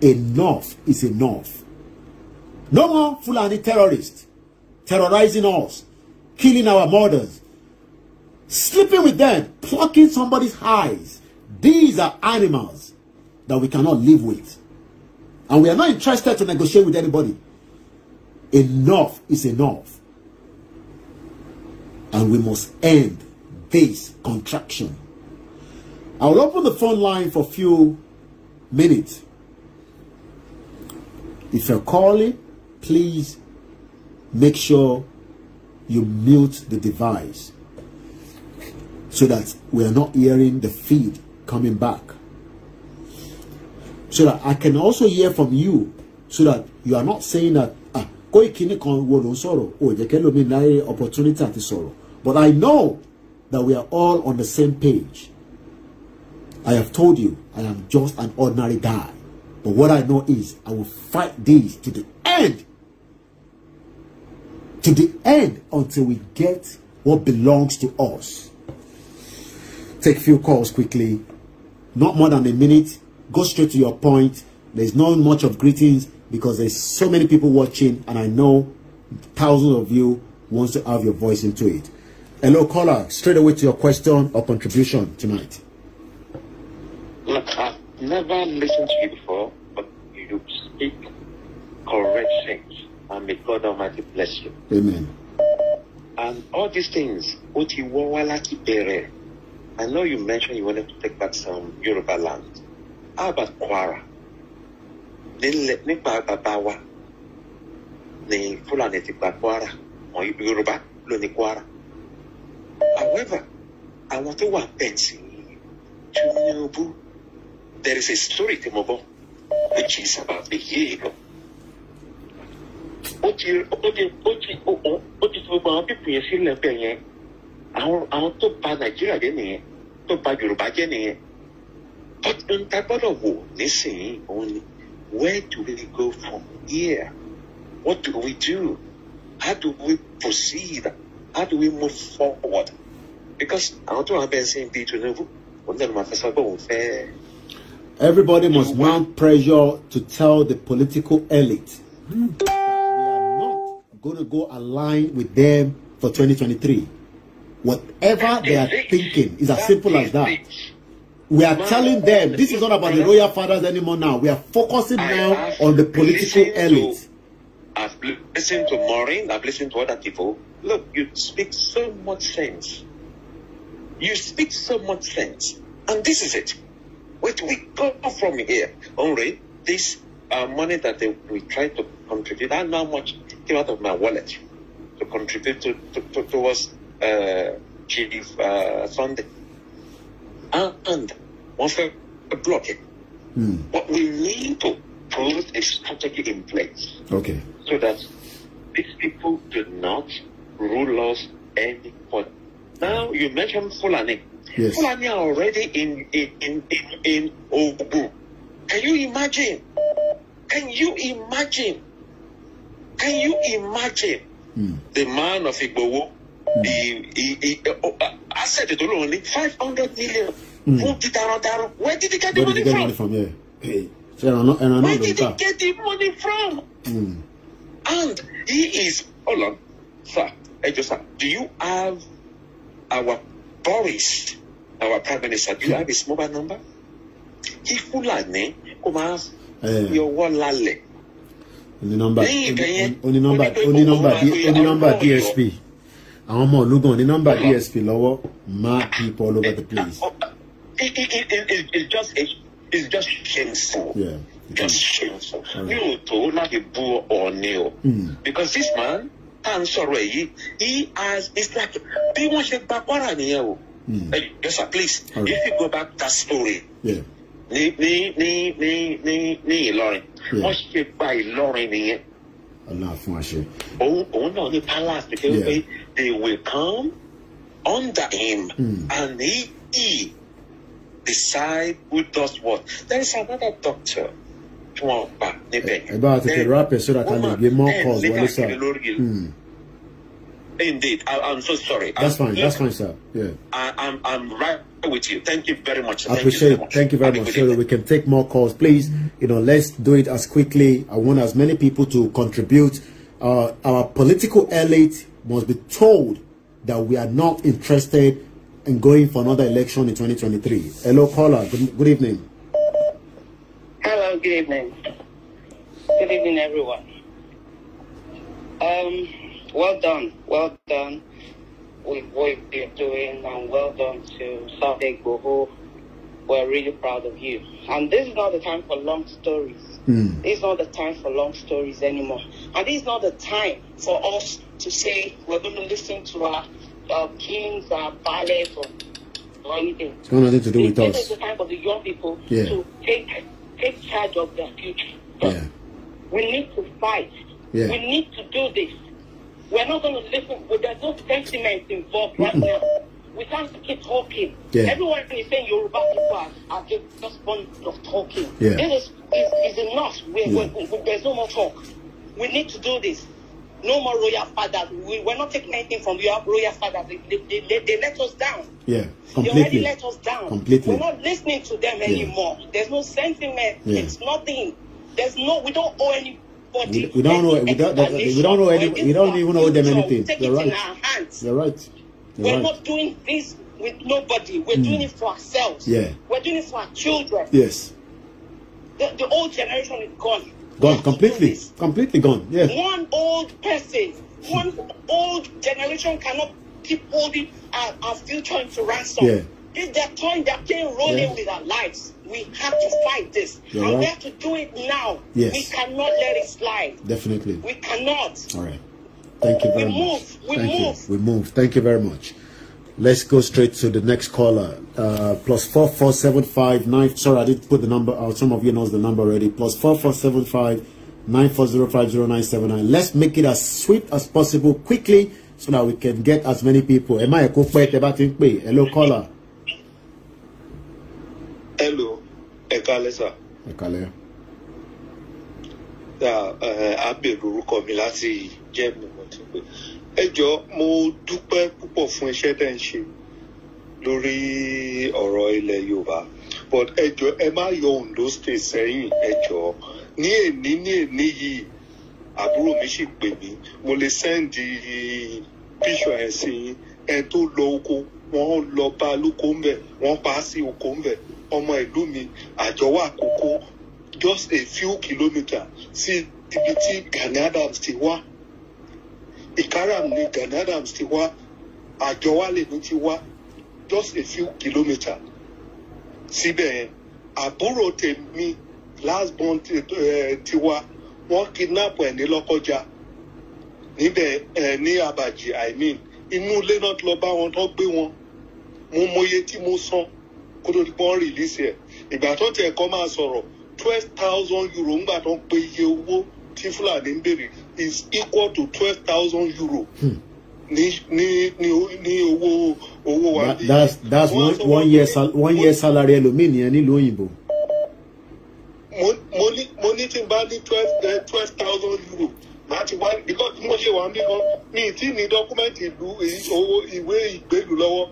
Enough is enough. No more Fulani terrorists. terrorizing us, killing our mothers, sleeping with them, plucking somebody's eyes. These are animals that we cannot live with. And we are not interested to negotiate with anybody. Enough is enough. And we must end this contraction. I will open the phone line for a few minutes. If you're calling, please make sure you mute the device so that we are not hearing the feed coming back. So that I can also hear from you so that you are not saying that ah, Koikini kan wo don soro o je kelo mi lai opportunity ati soro. But I know that we are all on the same page. I have told you I am just an ordinary guy. But what I know is I will fight this to the end to the end until we get what belongs to us. Take few calls quickly. Not more than a minute. Go straight to your point. There's not much of greetings because there's so many people watching and I know thousands of you wants to have your voice into it. Hello, caller. Straight away to your question or contribution tonight. Look, I've never listened to you before, but you speak correct things and may God Almighty bless you. Amen. And all these things, Oti Wawalaki Bere. I know you mentioned you wanted to take back some Yoruba land. How about Kwara? Nípa bàbá wa ni Fulani ti gba Kwara, wọn Yorùbá ló Kwara. However, àwọn tó wà bẹ́ǹsì Tinubu, there is a story tí mo bọ̀, which is about a year ago. ó ti ó ti ó ti òun ó ti gbogbo àwọn pípù yẹn sílẹ̀ bẹ̀ yẹn àwọn àwọn tó bà nàìjíríà jẹ́ nìyẹn tó bà yorùbá jẹ́ nìyẹn ọdún tá a gbọ́dọ̀ wò nísìnyí òun ni where do we go from here what do we do how do we proceed how do we move forward because àwọn tó wà bẹ́ẹ̀ sẹ́yìn bíi tinubu òun náà ló máa fẹ́ sọ pé òun fẹ́. Everybody must mount pressure to tell the political elite. Mm. going to go align with them for 2023. Whatever they are thinking is as simple as that. We are telling them this is not about the royal fathers anymore now. We are focusing now on the political elite. I've listened to Maureen, I've listened to other people. Look, you speak so much sense. You speak so much sense. And this is it. Wait, we go from here. Only this uh, money that they, we try to contribute, I know how much came out of my wallet to contribute to, to, to, towards uh, Chief uh, funding. And, once we're blocking, hmm. what we need to put a strategy in place. Okay. So that these people do not rule us any further. Now, you mentioned Fulani. Yes. Fulani are already in, in, in, in, in Obu. Can you imagine? Can you imagine Can you imagine mm. the man of Igbowo? Hmm. He he he. Oh, uh, asset tó lóun ní five hundred million hmm. fún ti tarantaran. Where did he get the money from? from yeah. hey. so, Where did he get the money from? Mm. And he is, hold on, sir, hey, just, sir, do you have our Boris, our Prime Minister, do you have his mobile number? Kí Fúlàní kò máa eh. fi ọwọ́ lálẹ̀ oní nọ́mbà oní nọ́mbà oní nọ́mbà oní nọ́mbà DSP àwọn ọmọ ológun oní nọ́mbà DSP lọ́wọ́ mad people all over the place. It, it, it, it's just eh, it's just shameful. Yeah, just shameful. Mi ò tó láti bú Ọọ̀ni o. Hmm. Because this man tá n sọ̀rọ̀ ẹ̀ yìí he has it's like bí wọ́n ṣe gba Kwara nìyẹn o. Hmm. Eh, yes sir please if you go back that story. Yeah ní ní ní ní ní ní Ìlọrin wọ́n ṣe gba Ìlọrin nìyẹn. Ọlọ́run àṣẹ. òun òun náà ní palace bí kéwọ́n pé they will come under him mm. and he he decide who does what. there is another doctor tí wọ́n pa níbẹ̀. ẹ bá a tètè rápẹ̀ sọ́dọ̀ ká lè gbé more calls wọlé sá. Hmm. Indeed, I, I'm so sorry. That's I'm, fine. That's fine, sir. Yeah. I, I'm I'm right. with you. Thank you very much. I appreciate it. Thank you very much. So that we can take more calls, please. You know, let's do it as quickly. I want as many people to contribute. Uh, our political elite must be told that we are not interested in going for another election in 2023. Hello, caller. Good, good evening. Hello, good evening. Good evening, everyone. Um, well done. Well done. We've what you're doing and well done to Sadek Boho. We're really proud of you. And this is not the time for long stories. Mm. not the time for long stories anymore. And this is not the time for us to say we're going to listen to our, our kings, our ballets, or, or anything. It's got nothing to do with this us. This is the time for the young people yeah. to take, take charge of their future. Yeah. We need to fight. Yeah. We need to do this. We're not going to listen. But there's no sentiment involved right now. We can't keep talking. Yeah. Everyone is saying Yoruba people are just, just born of talking. Yeah. This is, is, is enough. We're, yeah. we're, we're, there's no more talk. We need to do this. No more royal fathers. We, we're not taking anything from your royal fathers. They, they, they, they let us down. Yeah, completely. They already let us down. Completely. We're not listening to them yeah. anymore. There's no sentiment. Yeah. It's nothing. There's no, we don't owe any we, don't know. We don't, we don't know. Any, we don't even know them anything. Take They're it right. in our hands. are right. are We're right. not doing this with nobody. We're mm. doing it for ourselves. Yeah. We're doing it for our children. Yes. The, the old generation is gone. Gone completely. Completely gone. Yes. One old person, one old generation cannot keep holding our, our future into ransom. Yeah. This that turn that came rolling yes. with our lives. We have to fight this. and we have to do it now. Yes. We cannot let it slide. Definitely. We cannot. All right. Thank you very we much. Move. We Thank move. You. We move. Thank you very much. Let's go straight to the next caller. Uh, plus four four seven five nine. Sorry, I did put the number out. Uh, some of you knows the number already. Plus four four seven five nine four zero five zero nine seven nine. Let's make it as swift as possible, quickly, so that we can get as many people. Am I a cook? Hello, caller. hello ẹ kálẹ́ sà. ẹ kálẹ́. sà abèrè orúkọ mi láti jẹ́mu mo ti pè ẹ jọ mo dúpẹ́ púpọ̀ fún iṣẹ́ tẹ́ ń ṣe lórí ọ̀rọ̀ ilẹ̀ Yorùbá but ẹ jọ ẹ má yọ Ondo state sẹ́yìn ẹ jọ ní èní ní èní yìí àbúrò mi sì pè mí mo lè sẹ́ndì píṣọ ẹ̀ sí ẹ tó lọ oko wọ́n lọ bá lóko ńbẹ̀ wọ́n pa á sí oko ńbẹ̀ ọmọ ìlú mi àjọwọ́ àkókò just a few kilometres sí ibi tí Gani Adams ti wá Ìkáràm ni Gani Adams ti wá àjọwá lèmi ti wá just a few kilometres síbẹ̀ yẹn àbúrò tèmi last born ti eh, wá wọ́n kidnap ẹ̀ ní Lọ́kọ́jà níbẹ̀ ẹ̀ eh, ní Àbàjì I mean inú ilé náà ti lọ bá wọn tó gbé wọn mo mọye tí mo san kó tó di rìlíìsì ẹ̀ ìgbà tó tiẹ̀ kọ́ máa sọ̀rọ̀ twelve thousand euro ńgbà tó ń pe iye owó tí fúlàní ń béèrè is equal to twelve thousand euro hmm. ní ní ní ní owó owó wa. that's that's one one year sal one year salary ẹlòmíì nìyẹn nílùú òyìnbó. mo ní mo ní tí n bá ní twelve eh, twelve thousand euro láti wá because mo ṣe wà nígbà mi ì tí ní dọ́kúmẹ́ǹtì ìlú owó ìwé ìgbélú lọ́wọ́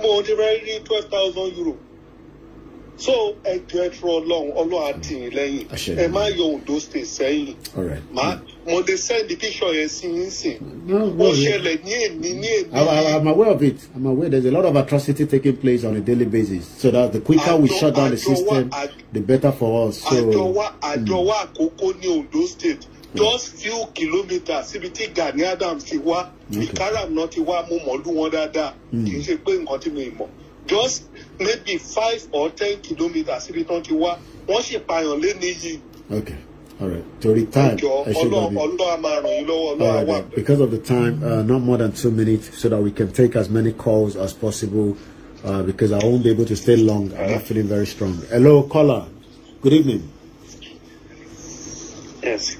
mo ti fẹ́ rí twelve thousand euro so ẹ jọ ẹ tún ọlọ́run ọlọ́run àti yín lẹ́yìn ẹ má yọ Ondo state sẹ́yìn mo dey send the picture yẹn sí yín sìn ó ṣẹlẹ̀ ní èmi ní èmi. I'm aware of it I'm aware there's a lot of atrocity taking place on a daily basis so that the quicker we shut down the system the better for us. So. àjọwá mm. àjọwá àkókò ní Ondo state just few kilometres síbi tí Gani Adams ti wá ìkárà náà ti wá mo mọ̀ lú wọn dáadáa kì í hmm. ṣe pé nǹkan tí mi mọ̀ just maybe five or ten kilometres síbi tán ti wá wọ́n sì pààyàn lé níyì. okay all right torí time all right because of the time uh, not more than two minutes so that we can take as many calls as possible uh, because I won't be able to stay long I'm not feeling very strong hello caller good evening. yes.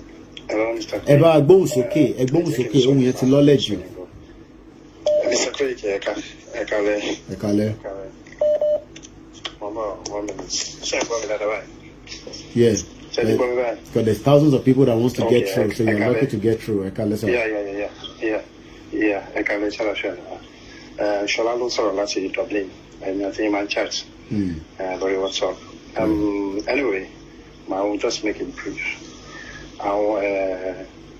Eba, bá gbóhùn sókè ẹ gbóhùn sókè ohun yẹn ti lọ́lẹ̀ jù. ẹni sẹ́kúrì kì í ẹ̀ka ẹ̀ka lẹ́. ẹ̀ka lẹ́. mama one minute ṣé ẹ gbọ́ mi dáadáa báyìí. yes because there's thousands of people that wants to get through so you're lucky to get through ẹ̀ka lẹ́ yeah yeah yeah yeah yeah ẹ̀ka lẹ́ ṣáà ṣe ẹ̀ ṣọlá ló sọ̀rọ̀ láti Dublin ẹ̀yìn àti imam church hmm. lórí WhatsApp um, anyway I will just make it brief. àwọn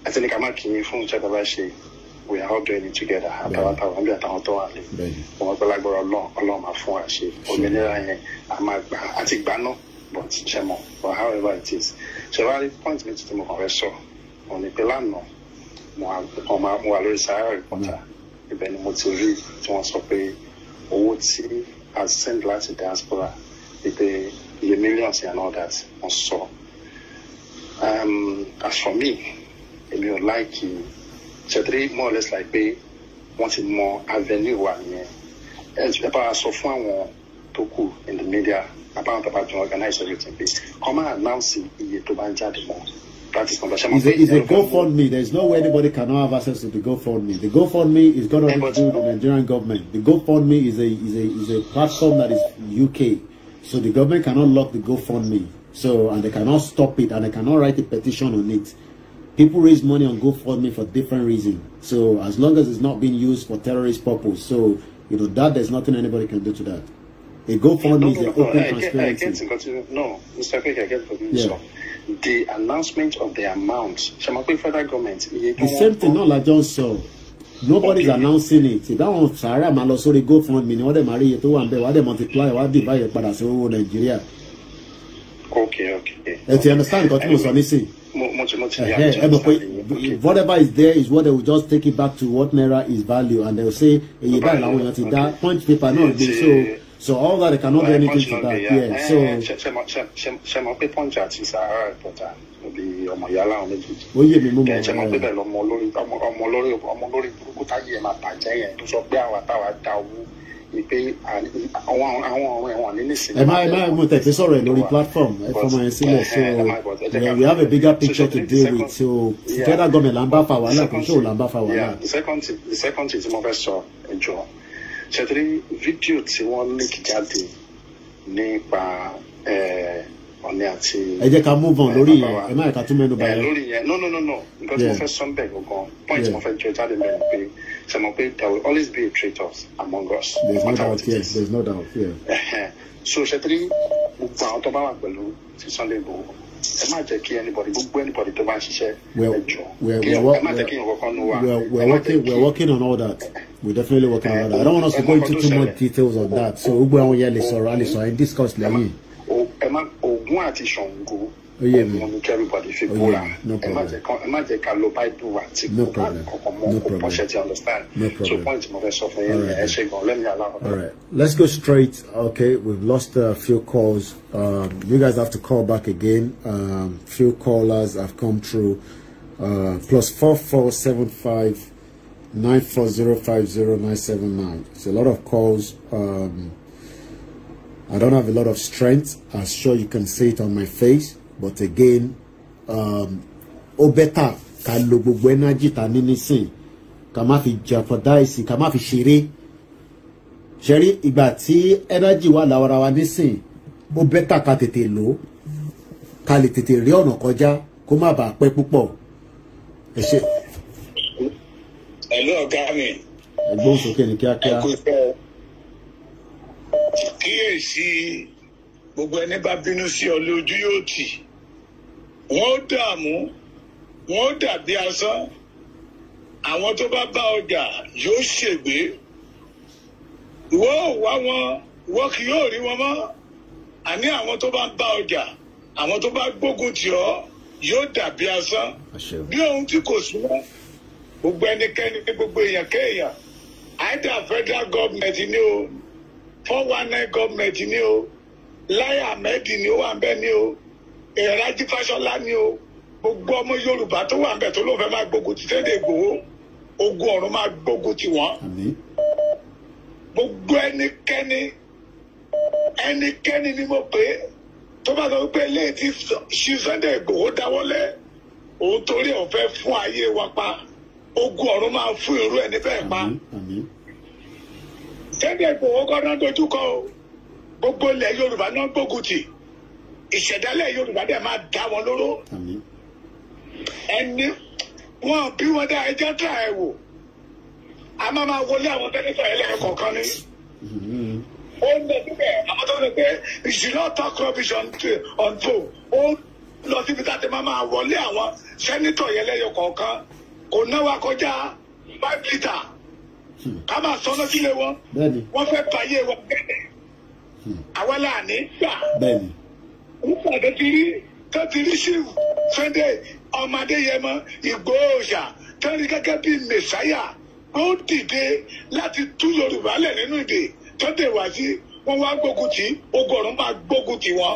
àti eh, ní ká má kì í fún iṣẹ́ tó bá ṣe we are all doing it together àtàwọn àtàwọn àbí àtàwọn tó wà lé wọn tó lágbára Ọlọ́run máa fún wa ṣe òmìnira yẹn a máa gbà àti gbà náà but ṣe mọ but however it is ṣe wá rí point mi tuntun mo kàn fẹ́ sọ òní pé lánàá mo wà lórí Sahara reporter mm. ibẹ̀ ni mo ti rí tí wọ́n sọ pé owó tí a send láti diaspora wípé iye millions and all that wọ́n sọ. So, um, as for me èmi ò láìkì ṣètìrí more or less like pé wọ́n ti avenue wa nìyẹn ẹ bá a sọ fún àwọn in the media àbáwọn tàbá jọ organize everything pé kọ́ máa announce iye tó bá ń jáde is a, it's a GoFundMe. There's no way anybody cannot have access to the GoFundMe. The GoFundMe is going to be through the Nigerian government. The GoFundMe is a is a is a platform that is UK, so the government cannot lock the GoFundMe. So, and they cannot stop it and they cannot write a petition on it. People raise money on GoFundMe for different reasons. So, as long as it's not being used for terrorist purpose, so, you know, that there's nothing anybody can do to that. A GoFundMe no, is an no, open I transparency. Get, I get to no, Mr. Fake, I get the yeah. the announcement of the amount, Shamakwe federal government. The same thing, not like John saw. Nobody's okay. announcing it. Ìdáhùn sàárà máa lọ sórí GoFundMe What they marry máa rí iye they wà ń multiply what divide, dìbà yẹn padà sí owó Okay, okay. And you understand what anyway, was on this? Much, much, yeah, yeah, okay. whatever is there is what they will just take it back to what naira is value, and they will say, "You buy now, you see that point paper, no." So, so all that they cannot do anything to that. Yeah. So. Eh, bí ọmọ ìyá aláwọn méjèèjì wípé àwọn àwọn ọ̀rọ̀ ẹ̀wọ̀n ní nísìnyí. ẹ má ẹ má tẹ̀sí sọ̀rọ̀ lórí platform ẹ fọmọ ẹ sílẹ̀ eh, so eh, we have a bigger picture to deal with so federal government là ń bá fa wàhálà kò sóò là ń bá fa wàhálà. the second thing the second thing tí mo fẹ́ sọ ẹ jọ ṣètìlí fídíò tí wọ́n link jáde nípa eh, ọ̀nẹ́ àti. ẹ jẹ́ ká move on lórí yẹn ẹ má yẹ tún mẹ́nu báyẹn. lórí yẹn no no no no nǹkan tí mo fẹ́ sọ ń bẹ̀ gbọ̀ngàn point mo fẹ́ jọ jáde mẹ́rin pé. So I'm afraid there will always be traitors among us. There's no doubt, yes. There's no doubt, yeah. so certainly, gbogbo àwọn tó bá wà pẹ̀lú sísanlé ìbò ẹ má jẹ́ kí anybody gbogbo anybody tó bá ń ṣiṣẹ́ ẹjọ́ ẹ má jẹ́ kí nǹkan nù wá. we are working on all that we definitely working on all that I don't want us to go into too much details on that so gbogbo àwọn yẹn lè sọ̀rọ̀ a sọ̀rọ̀ and discuss lẹ́yìn. ẹ má ogun àti ṣàngó ẹ̀yẹ mi kẹ́rù bọ̀dì fi bóra ẹ má jẹ́ ká lo báìbù àti no so all right let's go straight okay we've lost a few calls um, you guys have to call back again um, few callers have come through uh, plus four four seven five. 9405099. It's a lot of calls. Um, I don't have a lot of strength. I'm sure you can see it on my face. but again um, ó bẹ́tà ká lo gbogbo energy ta ní nísìn ká má fi jeopardize ká má fi ṣeré ṣẹ́rí ìgbà tí energy wà láwarawa nísìn ó bẹ́tà ká tètè lò ó ká lè tètè rí ọ̀nà kọjá kó má bàa pẹ́ púpọ̀ ẹ ṣe. ẹ̀lú ọ̀gá mi. ẹ̀gbọ́n sókè ní kíákíá. kíyèsí gbogbo ẹni bá bínú sí ọ lójú yóò tì wọn ó dààmú wọn ó dàbí asán àwọn tó bá bá ọjà yóò ṣègbé ìwọ ò wá wọn ìwọ kì yóò rí wọn mọ́ àní àwọn tó bá bá ọjà àwọn tó bá gbógun tì ọ́ yóò dàbí asán bí ohun tí kò súnmọ́ gbogbo ẹnikẹ́ni gbogbo èèyàn kéèyàn either federal government ni o four one nine government ni o láyà mẹ́ẹ̀dì ni ó wà ń ni o èèrà jí fáṣọlá ni o gbogbo ọmọ yorùbá tó wà nbẹ tó ló fẹ́ máa gbógun ti Sunday Igboho ogun ọ̀run máa gbógun ti wọ́n gbogbo ẹnikẹ́ni ẹnikẹ́ni ni mo pè é tó bá sọ pé eléyìí ti ṣí Sunday Igboho dáwọ́lẹ̀ òun torí ọ̀ fẹ́ fún ayé wa pa ogun ọ̀run máa fún irú ẹni bẹ́ẹ̀ pa Sunday Igboho kọ́ náà dojú kọ o gbogbo ilẹ̀ yorùbá náà gbógun tì ìṣẹ̀dálẹ̀ Yorùbá dẹ̀ máa dá wọn lóró ẹni wọn bí wọn dá ẹjọ́ tà ẹ̀ wò a máa máa wọlé àwọn tẹ́lifà ni ó ń bẹ níbẹ̀ àwọn tó ń pẹ́ ìṣìlọ́tọ̀ corruption on ó lọ síbi tá a ti máa máa wọlé àwọn yẹn kò náwó five litre wọn wọn hmm. àwọn nípàdé ti rí tó ti rí sí fẹ́ndé ọmọdé yẹmọ ìgbóòṣà tó rí gẹ́gẹ́ bíi mẹ̀sáyà ó dìde láti tú yorùbá lẹ̀ nínú ìdè tó wá sí wọn wá gbógun tì ogun ọ̀run máa gbógun tì wọn.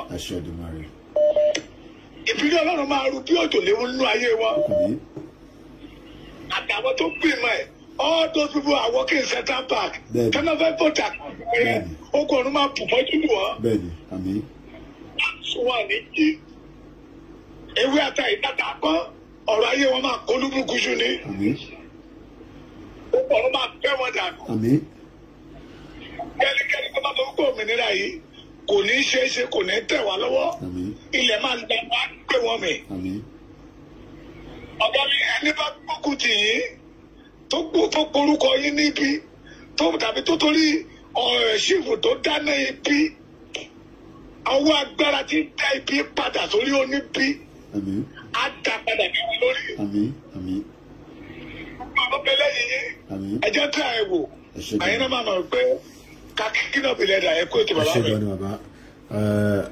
ìbílẹ̀ ọlọ́run máa ru bí òjò léwu nínú ayé wọn. àtàwọn tó gbìmọ̀ ẹ̀ all those people are working in Central Park. tẹ́lẹ̀ fẹ́ bọ̀tà ogun ọ̀run máa pù mọ́jú lù wọ́n wà níje ewé ata ìdáta kọ́ ọ̀rọ̀ ayé wọn máa kólú burúkutu ni ó pọ̀ ló máa fẹ́ wọn dànù kẹ́nikẹ́ni tó bá tó kó òmìnira yìí kò ní í ṣe é ṣe kò ní í tẹ̀ wá lọ́wọ́ ilẹ̀ máa gba wá pé wọ́n mi. ọ̀gá mi ẹni bá gbókùn tì yín tó gbó tó porúkọ yín níbi tó tàbí tó torí ọ̀rọ̀ ṣìfù tó dáná ibi ọwọ́ agbára ti dá ibi padà sórí oníbi á dá padà bí wọn lórí. bàbá bẹ́lẹ̀ yìí ẹ jẹ́ tí a ẹ wò àyìn náà máa mọ̀ pé kakíkí náà bìlẹ̀ dà ẹ kó ètò bàbá rẹ̀. Uh,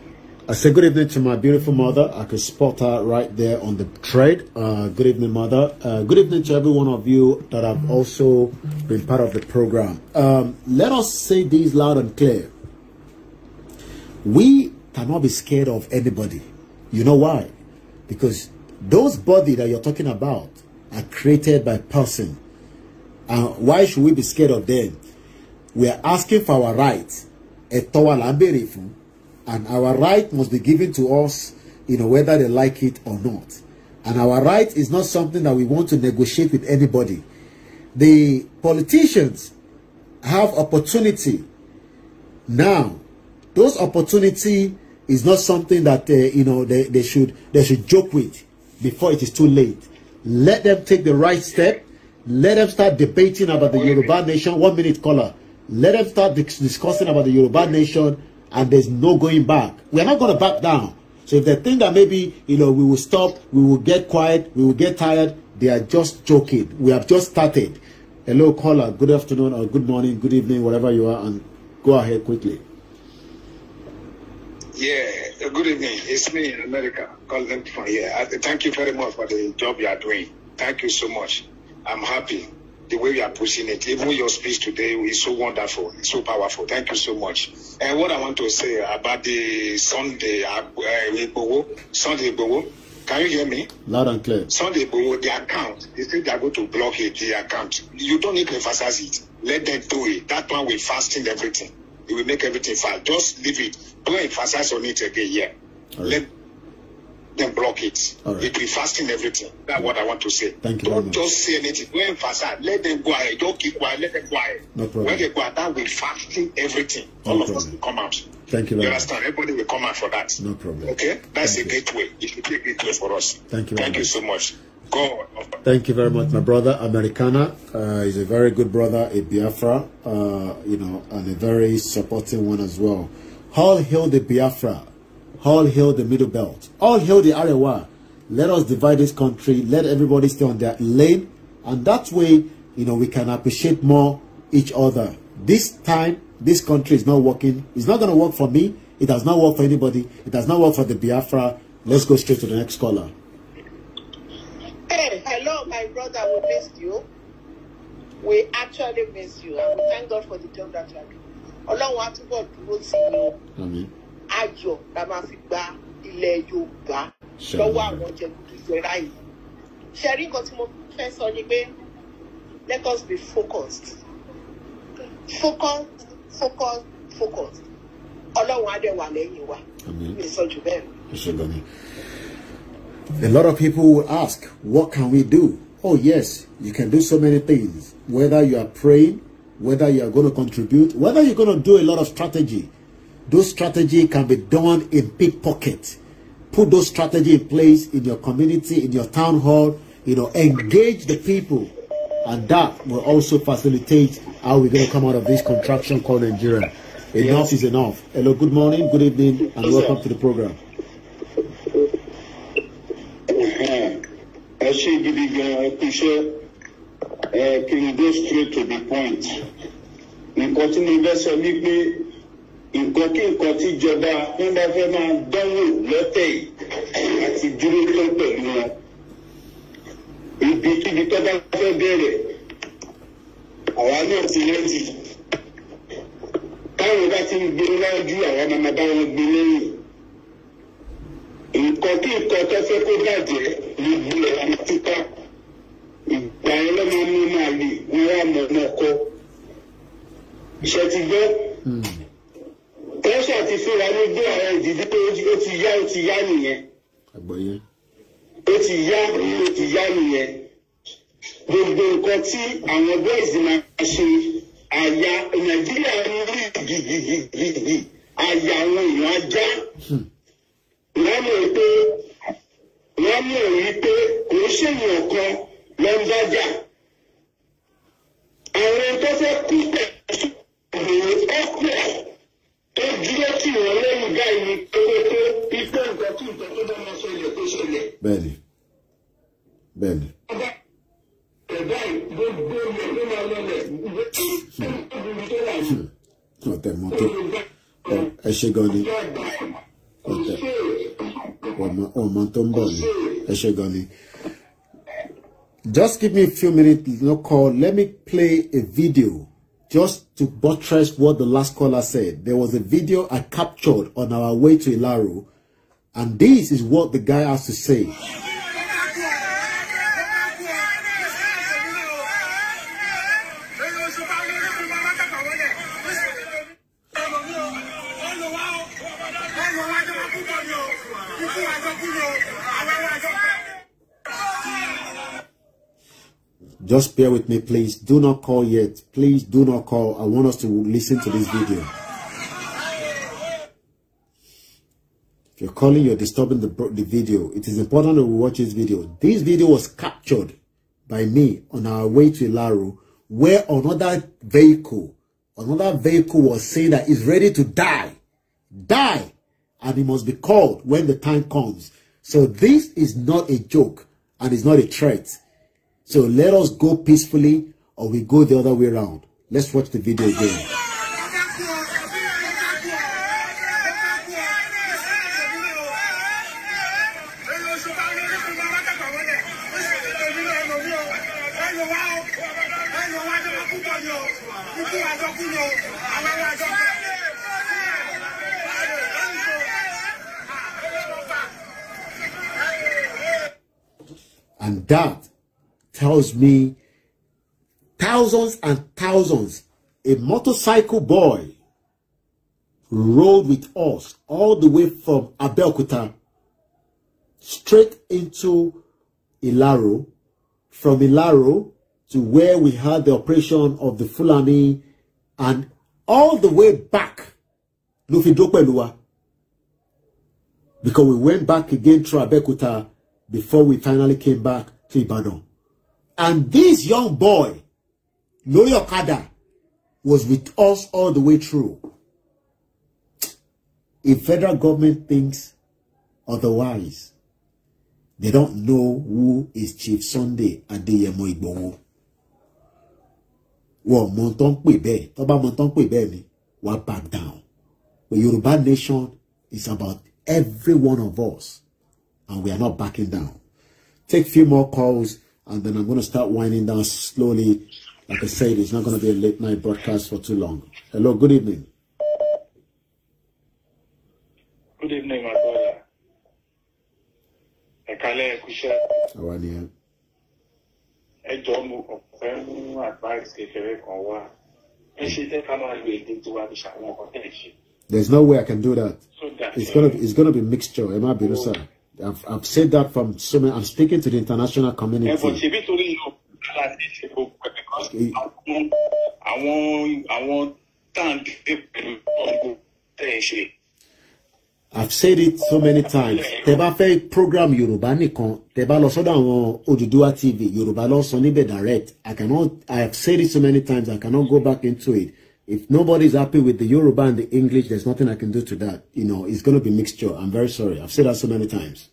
I say good evening to my beautiful mother. I could spot her right there on the trade. Uh, good evening, mother. Uh, good evening to every one of you that have also been part of the program. Um, let us say these loud and clear we cannot be scared of anybody. You know why? Because those body that you're talking about are created by person. And why should we be scared of them? We are asking for our right. And our right must be given to us, you know, whether they like it or not. And our right is not something that we want to negotiate with anybody. The politicians have opportunity now those opportunity is not something that uh, you know they, they should they should joke with before it is too late. Let them take the right step. Let them start debating about the oh, Yoruba nation. One minute caller. Let them start discussing about the Yoruba nation, and there's no going back. We are not going to back down. So if they think that maybe you know we will stop, we will get quiet, we will get tired, they are just joking. We have just started. Hello caller. Good afternoon or good morning, good evening, whatever you are, and go ahead quickly. Yeah, uh, good evening. It's me in America, calling from here. thank you very much for the job you are doing. Thank you so much. I'm happy the way you are pushing it. Even your speech today is so wonderful, it's so powerful. Thank you so much. And what I want to say about the Sunday uh, Sunday Igboho, can you hear me? Loud and clear. Sunday Igboho, the account, they say they are going to block it, the account. You don't need to emphasize it. Let them do it. That one will fasten everything it will make everything fine. Just leave it. Don't emphasize on it again here. Yeah. Right. Let them block it. right. It will fasten everything. That's what I want to say. Thank you. Don't just say anything. Don't emphasize. Let them go ahead. Don't keep quiet. Let them go ahead. No problem. When they go ahead, that will fasten everything. No All problem. of us will come out. Thank you. You understand? Much. Everybody will come out for that. No problem. Okay? That's Thank a you. gateway. It should be a gateway for us. Thank you. Thank you much. so much. God. Thank you very much, my brother, Americana. Uh, he's a very good brother, a Biafra, uh, you know, and a very supporting one as well. All hail the Biafra. All hail the Middle Belt. All hail the Arewa. Let us divide this country. Let everybody stay on their lane. And that way, you know, we can appreciate more each other. This time, this country is not working. It's not going to work for me. It does not work for anybody. It does not work for the Biafra. Let's go straight to the next caller. Hey, hello, my brother. We missed you. We actually missed you. And we thank God for the job that you are doing. Ọlọ́run á túbọ̀ dúró sí i o. Ayọ̀ la máa fi gba ilẹ̀ Yorùbá lọ́wọ́ àwọn jẹgúdújẹrá yìí. Ṣé rí nǹkan tí mo fẹ́ sọ ni let us be focused. Focus, focus, focus. Ọlọ́run á dẹ̀ wà you wa. Mi ò sọ jù bẹ́ẹ̀. A lot of people will ask, what can we do? Oh yes, you can do so many things. Whether you are praying, whether you are going to contribute, whether you're going to do a lot of strategy. Those strategy can be done in pickpocket. Put those strategy in place in your community, in your town hall, you know, engage the people. And that will also facilitate how we're going to come out of this contraction called Nigeria. Enough yes. is enough. Hello, good morning, good evening, and yes, welcome sir. to the program. ẹ ṣe gidi gan ẹ kú iṣẹ́ ẹ kí n go straight to the point nǹkan tí mo fẹ́ sọ ni pé nǹkan kí nǹkan tí ìjọba wọn bá fẹ́ máa dánwò lọ́tẹ̀ yìí àti dúró tó pẹ̀lú wọn ibikíbi tó bá fẹ́ bẹ̀rẹ̀ àwa náà ti rántí táwọn bá ti ń gbé níwájú àwa máa bá wọn gbé lẹ́yìn nǹkan tí nǹkan tó fẹ́ kó bàjẹ́ gbogbo ẹ̀ ní títà ìgbà yẹn ló máa mú máa lè wọ́n wá mọ̀ ọmọ ọkọ iṣẹ́ ti gbọ́. tẹ́sán ti fúnra ló gbé àwọn ìdílé pé ó ti yá ó ti yá nìyẹn. ó ti yá ó ti yá nìyẹn. gbogbo nǹkan tí àwọn bọ́ìsì máa ṣe àyà nàìjíríà ń rí gidigidi àyà àwọn èèyàn ajá. Hmm wọ́n mọ̀ pé wọ́n mọ̀ yìí pé kò ń ṣèyàn kan ló ń bájà. àwọn tó fẹ́ kú pẹ̀lú ìbèrè ọ̀pọ̀ tó dúró tì wọ́n lẹ́yìn báyìí pé pé ipò nǹkan tí nǹkan tó bá máa ṣẹlẹ̀ kó ṣẹlẹ̀. bẹ́ẹ̀ni bẹ́ẹ̀ni. ọba gbogbo ilẹ̀ ló máa lọlẹ̀ gbogbo tó wà ní. Hmm. ọ̀tẹ̀ mọ́tò ẹ ṣe gan ni. ọ̀tẹ̀ ọmọ ọmọ tó ń bọ̀ ni ẹ ṣe gan ni. Just give me a few minutes, no call. Let me play a video just to buttress what the last caller said. There was a video I captured on our way to Ilaro, and this is what the guy has to say. Just bear with me, please. Do not call yet. Please do not call. I want us to listen to this video. If you're calling, you're disturbing the, the video. It is important that we watch this video. This video was captured by me on our way to Ilaru, where another vehicle, another vehicle was saying that it's ready to die. Die! And it must be called when the time comes. So this is not a joke and it's not a threat. So let us go peacefully or we go the other way around. Let's watch the video again. Tells me thousands and thousands. A motorcycle boy rode with us all the way from Abeokuta straight into Ilaro, from Ilaro to where we had the operation of the Fulani and all the way back Lufidopelua because we went back again to Abekuta before we finally came back to Ibadan. And this young boy, Lori Okada, was with us all the way through. If federal government thinks otherwise, they don't know who is Chief Sunday Adeyemo Igboho. Wọ́n mọ tó ń pè bẹ́ẹ̀ tó bá mọ tó ń pè bẹ́ẹ̀ ni wọ́n back down. The Yoruba nation is about every one of us and we are not backing down. Take few more calls. and then I'm going to start winding down slowly. Like I said, it's not going to be a late night broadcast for too long. Hello, good evening. Good evening, my brother. Ekale Kusha. How are you? Ẹ jọ̀ọ́ mo kàn fẹ́ mú advice kékeré kan Ẹ ṣe tẹ́ ká máa lo There's no way I can do that. So that it's gonna it's gonna be mixture. am I bínú sáà. I've, I've said that from so many. I'm speaking to the international community. Eh. I've said it so many times. Tẹ́ bá program Yoruba nìkan, tẹ́ bá lọ sọ́dọ̀ àwọn TV, Yoruba ló sọ níbẹ̀ direct. I cannot, I have said it so many times, I cannot go back into it. if nobody's happy with the Yoruba and the English, there's nothing I can do to that. You know, it's going to be mixture. I'm very sorry. I've said that so many times.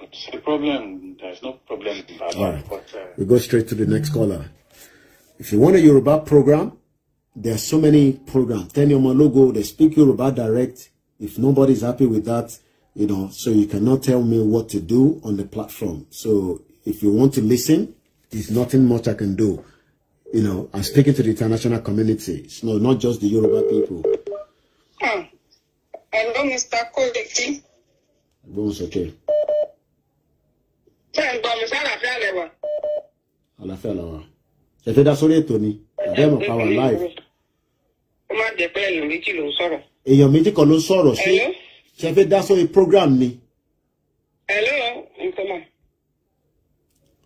It's the problem. There's no problem. About All right. But, uh, we go straight to the next caller. If you want a Yoruba program, there's so many programs. Tenyoma logo, they speak Yoruba direct. If nobody's happy with that, you know, so you cannot tell me what to do on the platform. So if you want to listen, there's nothing much I can do. you know, and speaking to the international community, no, not just the Yoruba people. Hmm. Hello, Mr. Kodiki. Bones, okay. Àlàáfíà làwà. Ṣé fẹ́ dá sórí ètò ni? Àbẹ́ mọ̀ pa wà live. Ó máa jẹ́ pé èèyàn méjì ló ń sọ̀rọ̀. Èèyàn méjì kan ló ń sọ̀rọ̀ sí. Ṣé fẹ́ dá sórí program ni? Hello, nǹkan mọ̀.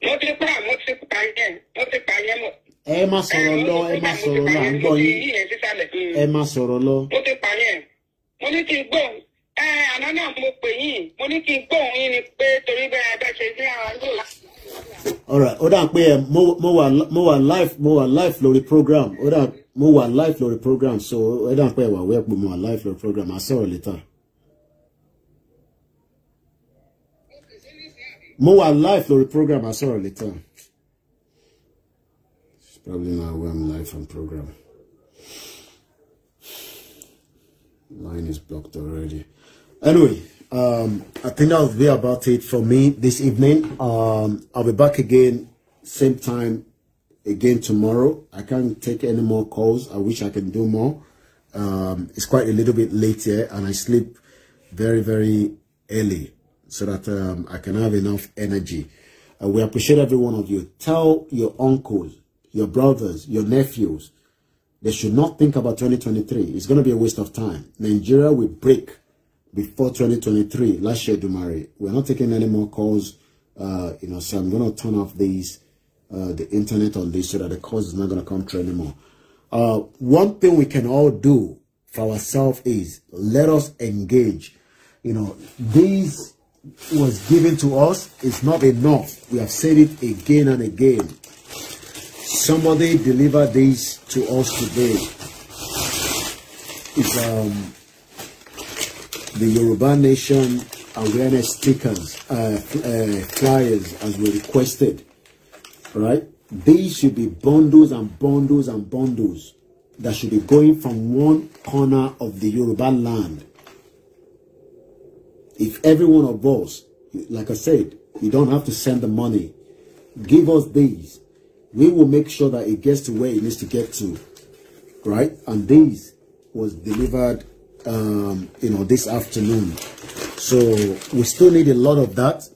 Mo ti pa, mo ti pa yẹn, mo ti ẹ má sọ̀rọ̀ lọ ẹ má sọ̀rọ̀ lọ à ń gbọ́ yín ẹ má sọ̀rọ̀ lọ. mo ti parí ẹ mo ní kí n gbọ́ ẹ àná náà mo pè yín mo ní kí n gbọ́ yín ni pé torí bẹ́ẹ̀ bẹ́ẹ̀ ṣe ní àwọn àgbò. ó dà pé ẹ mo wà mo wà live mo wà live lórí program ó dà mo wà live lórí program so ó dà pé ẹ wà wẹ́ẹ̀ pé mo wà live lórí program à sọ̀rọ̀ later. mo wà live lórí program à sọ̀rọ̀ later. probably now where I'm live on program. Line is blocked already. Anyway, um, I think that'll be about it for me this evening. Um, I'll be back again, same time again tomorrow. I can't take any more calls. I wish I can do more. Um, it's quite a little bit late here and I sleep very, very early so that um, I can have enough energy. Uh, we appreciate every one of you. Tell your uncle, your brothers, your nephews. They should not think about 2023. It's going to be a waste of time. Nigeria will break before 2023. Last year, Dumari, we're not taking any more calls. Uh, you know, so I'm going to turn off these, uh, the internet on this so that the calls is not going to come through anymore. Uh, one thing we can all do for ourselves is let us engage. You know, this was given to us is not enough. We have said it again and again. Somebody deliver these to us today. It's um, the Yoruba Nation awareness stickers, uh, uh, flyers as we requested, right? These should be bundles and bundles and bundles that should be going from one corner of the Yoruba land. If every one of us, like I said, you don't have to send the money. Give us these we will make sure that it gets to where it needs to get to, right? And this was delivered, um, you know, this afternoon. So we still need a lot of that.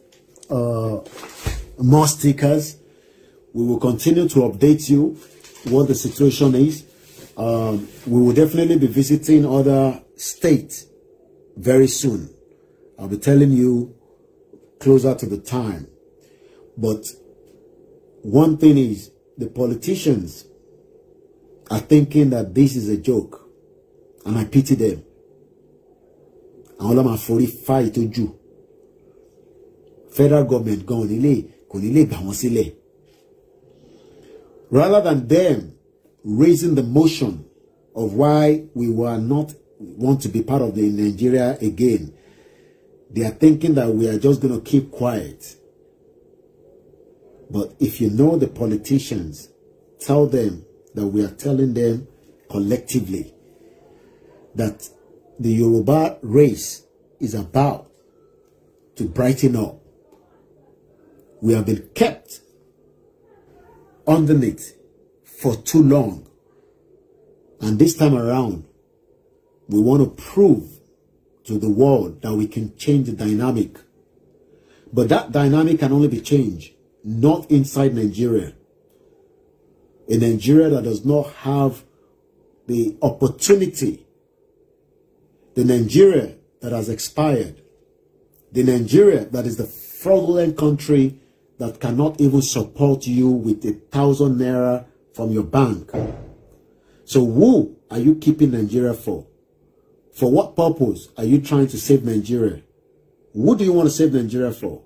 Uh, more stickers. We will continue to update you what the situation is. Um, we will definitely be visiting other states very soon. I'll be telling you closer to the time. But one thing is, the politicians are thinking that this is a joke and I pity them. Àwọn ọlọ́mọ àforífà ìtọ́jú federal government gan onílé kò ní lè gbà wọ́n sílẹ̀. Rather than them raising the motion of why we were not want to be part of the Nigeria again, they are thinking that we are just going to keep quiet. But if you know the politicians, tell them that we are telling them collectively that the Yoruba race is about to brighten up. We have been kept underneath for too long. And this time around, we want to prove to the world that we can change the dynamic. But that dynamic can only be changed not inside Nigeria. A Nigeria that does not have the opportunity, the Nigeria that has expired, the Nigeria that is the fraudulent country that cannot even support you with a thousand naira from your bank. So who are you keeping Nigeria for? For what purpose are you trying to save Nigeria? Who do you want to save Nigeria for?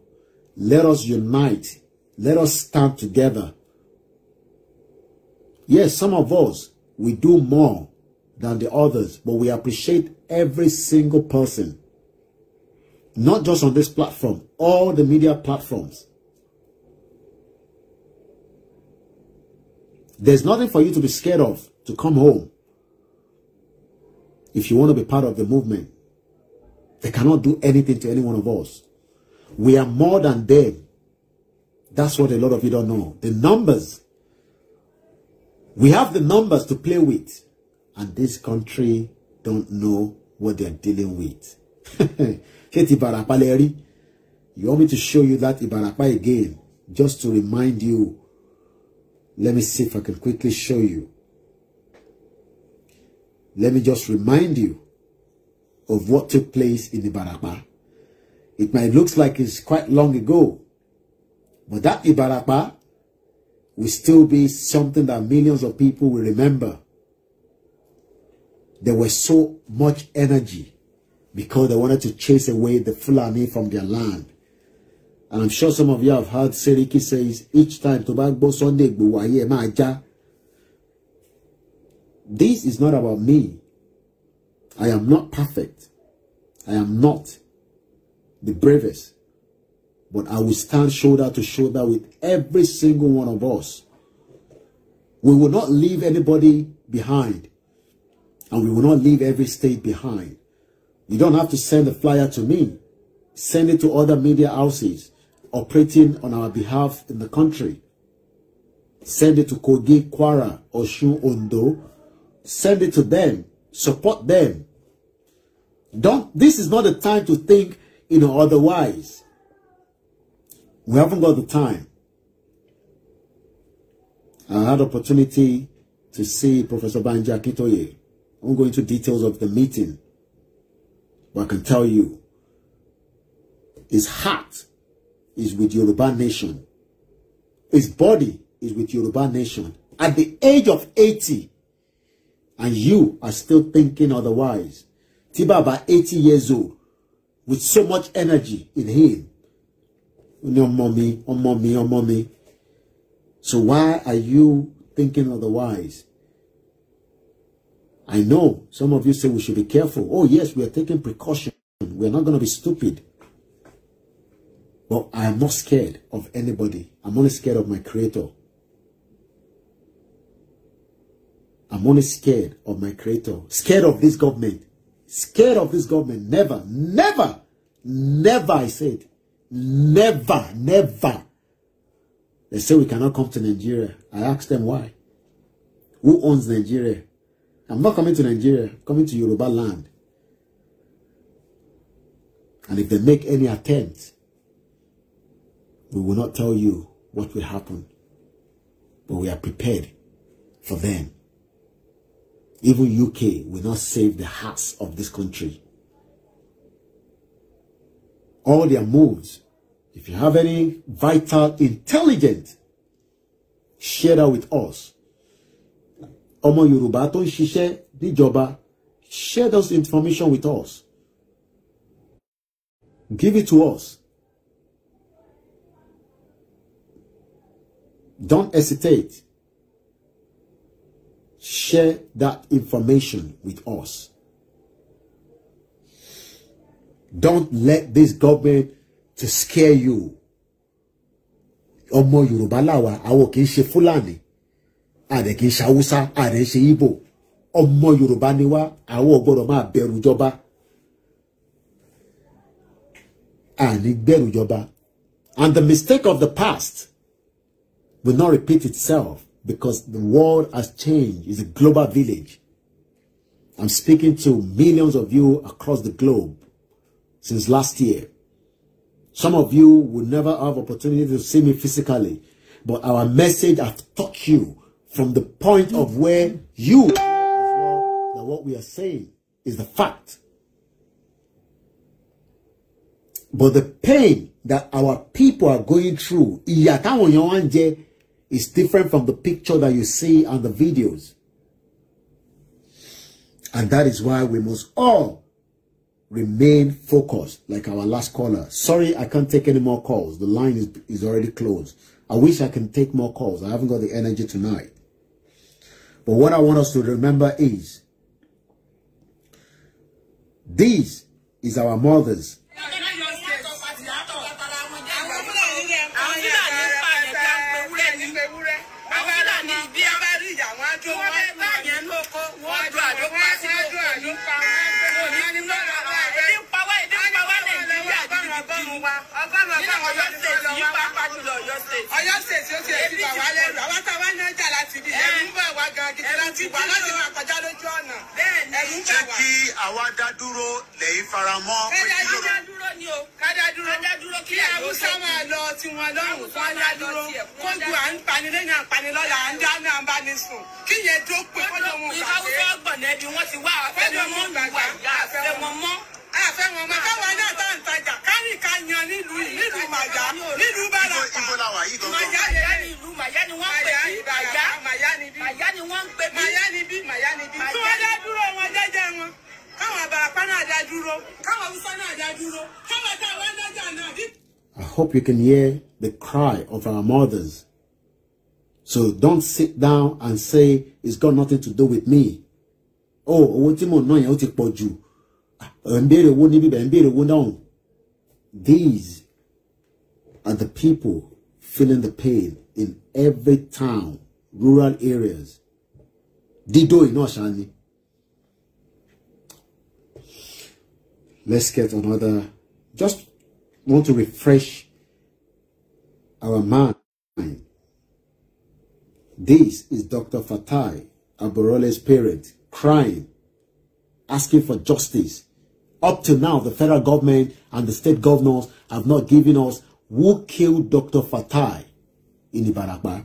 Let us unite let us stand together. Yes, some of us, we do more than the others, but we appreciate every single person. Not just on this platform, all the media platforms. There's nothing for you to be scared of to come home if you want to be part of the movement. They cannot do anything to any one of us. We are more than them. That's what a lot of you don't know. The numbers. We have the numbers to play with. And this country don't know what they're dealing with. you want me to show you that Ibarapa again? Just to remind you. Let me see if I can quickly show you. Let me just remind you of what took place in Ibarapa. It might look like it's quite long ago, but that Ibarapa will still be something that millions of people will remember. There was so much energy because they wanted to chase away the Fulani from their land. And I'm sure some of you have heard Seriki says, each time Tobago Sunday, this is not about me. I am not perfect. I am not the bravest. But I will stand shoulder to shoulder with every single one of us. We will not leave anybody behind. And we will not leave every state behind. You don't have to send the flyer to me. Send it to other media houses operating on our behalf in the country. Send it to Kogi, Kwara, Oshun, Ondo. Send it to them. Support them. Don't, this is not the time to think, you know, otherwise. We haven't got the time. I had opportunity to see Professor Banja Kitoye. I won't go into details of the meeting, but I can tell you his heart is with Yoruba nation. His body is with Yoruba nation. At the age of 80, and you are still thinking otherwise. Tiba, about 80 years old, with so much energy in him, ó mommy, ọmọ mommy, ọmọ mommy. so why are you thinking otherwise I know some of you say we should be careful oh yes we are taking precaution we are not gonna be stupid but I am not scared of anybody I'm only scared of my creator I'm only scared of my creator scared of this government scared of this government never never never I said Never, never. They say we cannot come to Nigeria. I asked them why. Who owns Nigeria? I'm not coming to Nigeria, I'm coming to Yoruba land. And if they make any attempt, we will not tell you what will happen. But we are prepared for them. Even UK will not save the hearts of this country. All their moves if you have any vital intelligence, share that with us. Ọmọ Yorùbá tó ń di joba, share those information with us. Give it to us. Don't hesitate. Share that information with us. Don't let this government to scare you ọmọ yorùbá làwa àwọn kì í ṣe fúlàní àdè kì í ṣe haúsá àdè ń ṣe ibo ọmọ yorùbá ni wá àwọn gbọ́dọ̀ máa bẹ̀rù jọba àní bẹ̀rù jọba and the mistake of the past will not repeat itself because the world has changed it's a global village i'm speaking to millions of you across the globe since last year Some of you will never have opportunity to see me physically, but our message has touched you from the point of where you as well that what we are saying is the fact. But the pain that our people are going through is different from the picture that you see on the videos. And that is why we must all remain focused like our last caller. Sorry, I can't take any more calls. The line is, is already closed. I wish I can take more calls. I haven't got the energy tonight. But what I want us to remember is this is our mothers nínú Ọ̀yọ́ state yìí jẹ́ kí àwa dá dúró lẹ́yìn faramọ́ ojúlówó ni o. kádà dúró kádà dúró kí àwùsá máa lọ tiwọn lọ́rùn fún ádá dúró kóńdù à ń pani lẹ́yìn àpani lọ́la à ń dáná à ń bá ní sùn kí yẹn tó pé kó lóun gbàgbé. kóńdù ìhàwùsá ọgbọ̀nẹ́bí wọ́n ti wá àfẹ́mọ́mọ́ wà àfẹ́mọ́mọ́ ìfẹ́wọn náà tá ń tajà kárì ká yan nílùú yìí nílùú màjá nílùú bàràpà màjá ni ìlú màjá ni wọ́n pè bí màjá màjá ni wọ́n pè bí màjá ni bí màjá ni bí. tí wọ́n dúró wọn jẹ́jẹ́ wọn káwọn àbàràpá náà dá dúró káwọn Hausa náà dá dúró káwọn táwọn lọ́jà náà. I hope you can hear the cry of our mothers. So don't sit down and say, it's got nothing to do with me. Oh, owó tí mò ń ná yẹn ó ti pọ̀ jù. ẹ̀ these are the people feeling the pain in every town rural areas let's get another just want to refresh our mind. This is Dr. Fatai Aborole's parent crying, asking for justice. Up to now, the federal government and the state governors have not given us who killed Dr. Fatai in Ibarakba.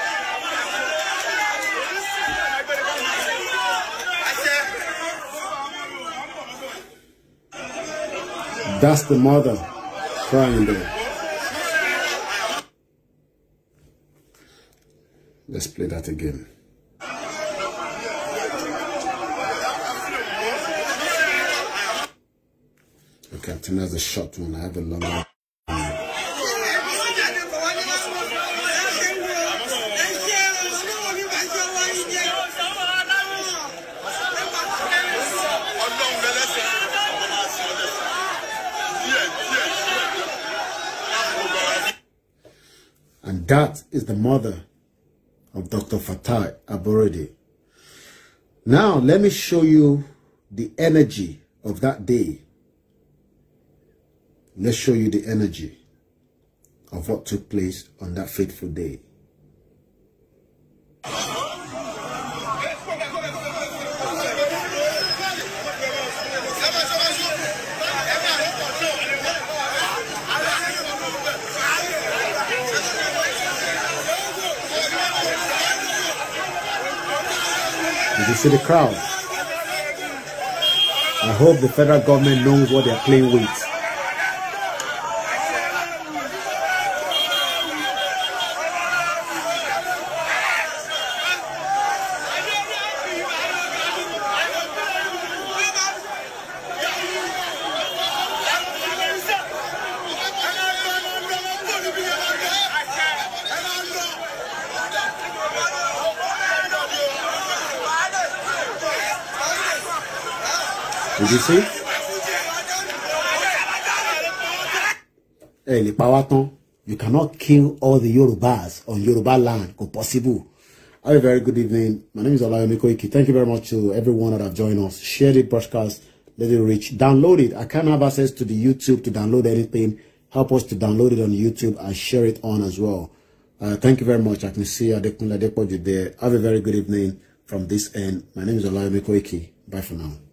That's the mother crying there. Let's play that again. Okay, I think a shot one. I have a long one. That is the mother of Dr. Fatai Aborodi. Now, let me show you the energy of that day. Let's show you the energy of what took place on that fateful day. You see the crowd. I hope the federal government knows what they are playing with. You cannot kill all the Yorubas on Yoruba land. Go possible. Have a very good evening. My name is Olayomi Mikoiki. Thank you very much to everyone that have joined us. Share the broadcast. Let it reach. Download it. I can't have access to the YouTube to download anything. Help us to download it on YouTube and share it on as well. Uh, thank you very much. I can see Adekunle Adepoju there. Have a very good evening from this end. My name is Olayomi Mikoiki. Bye for now.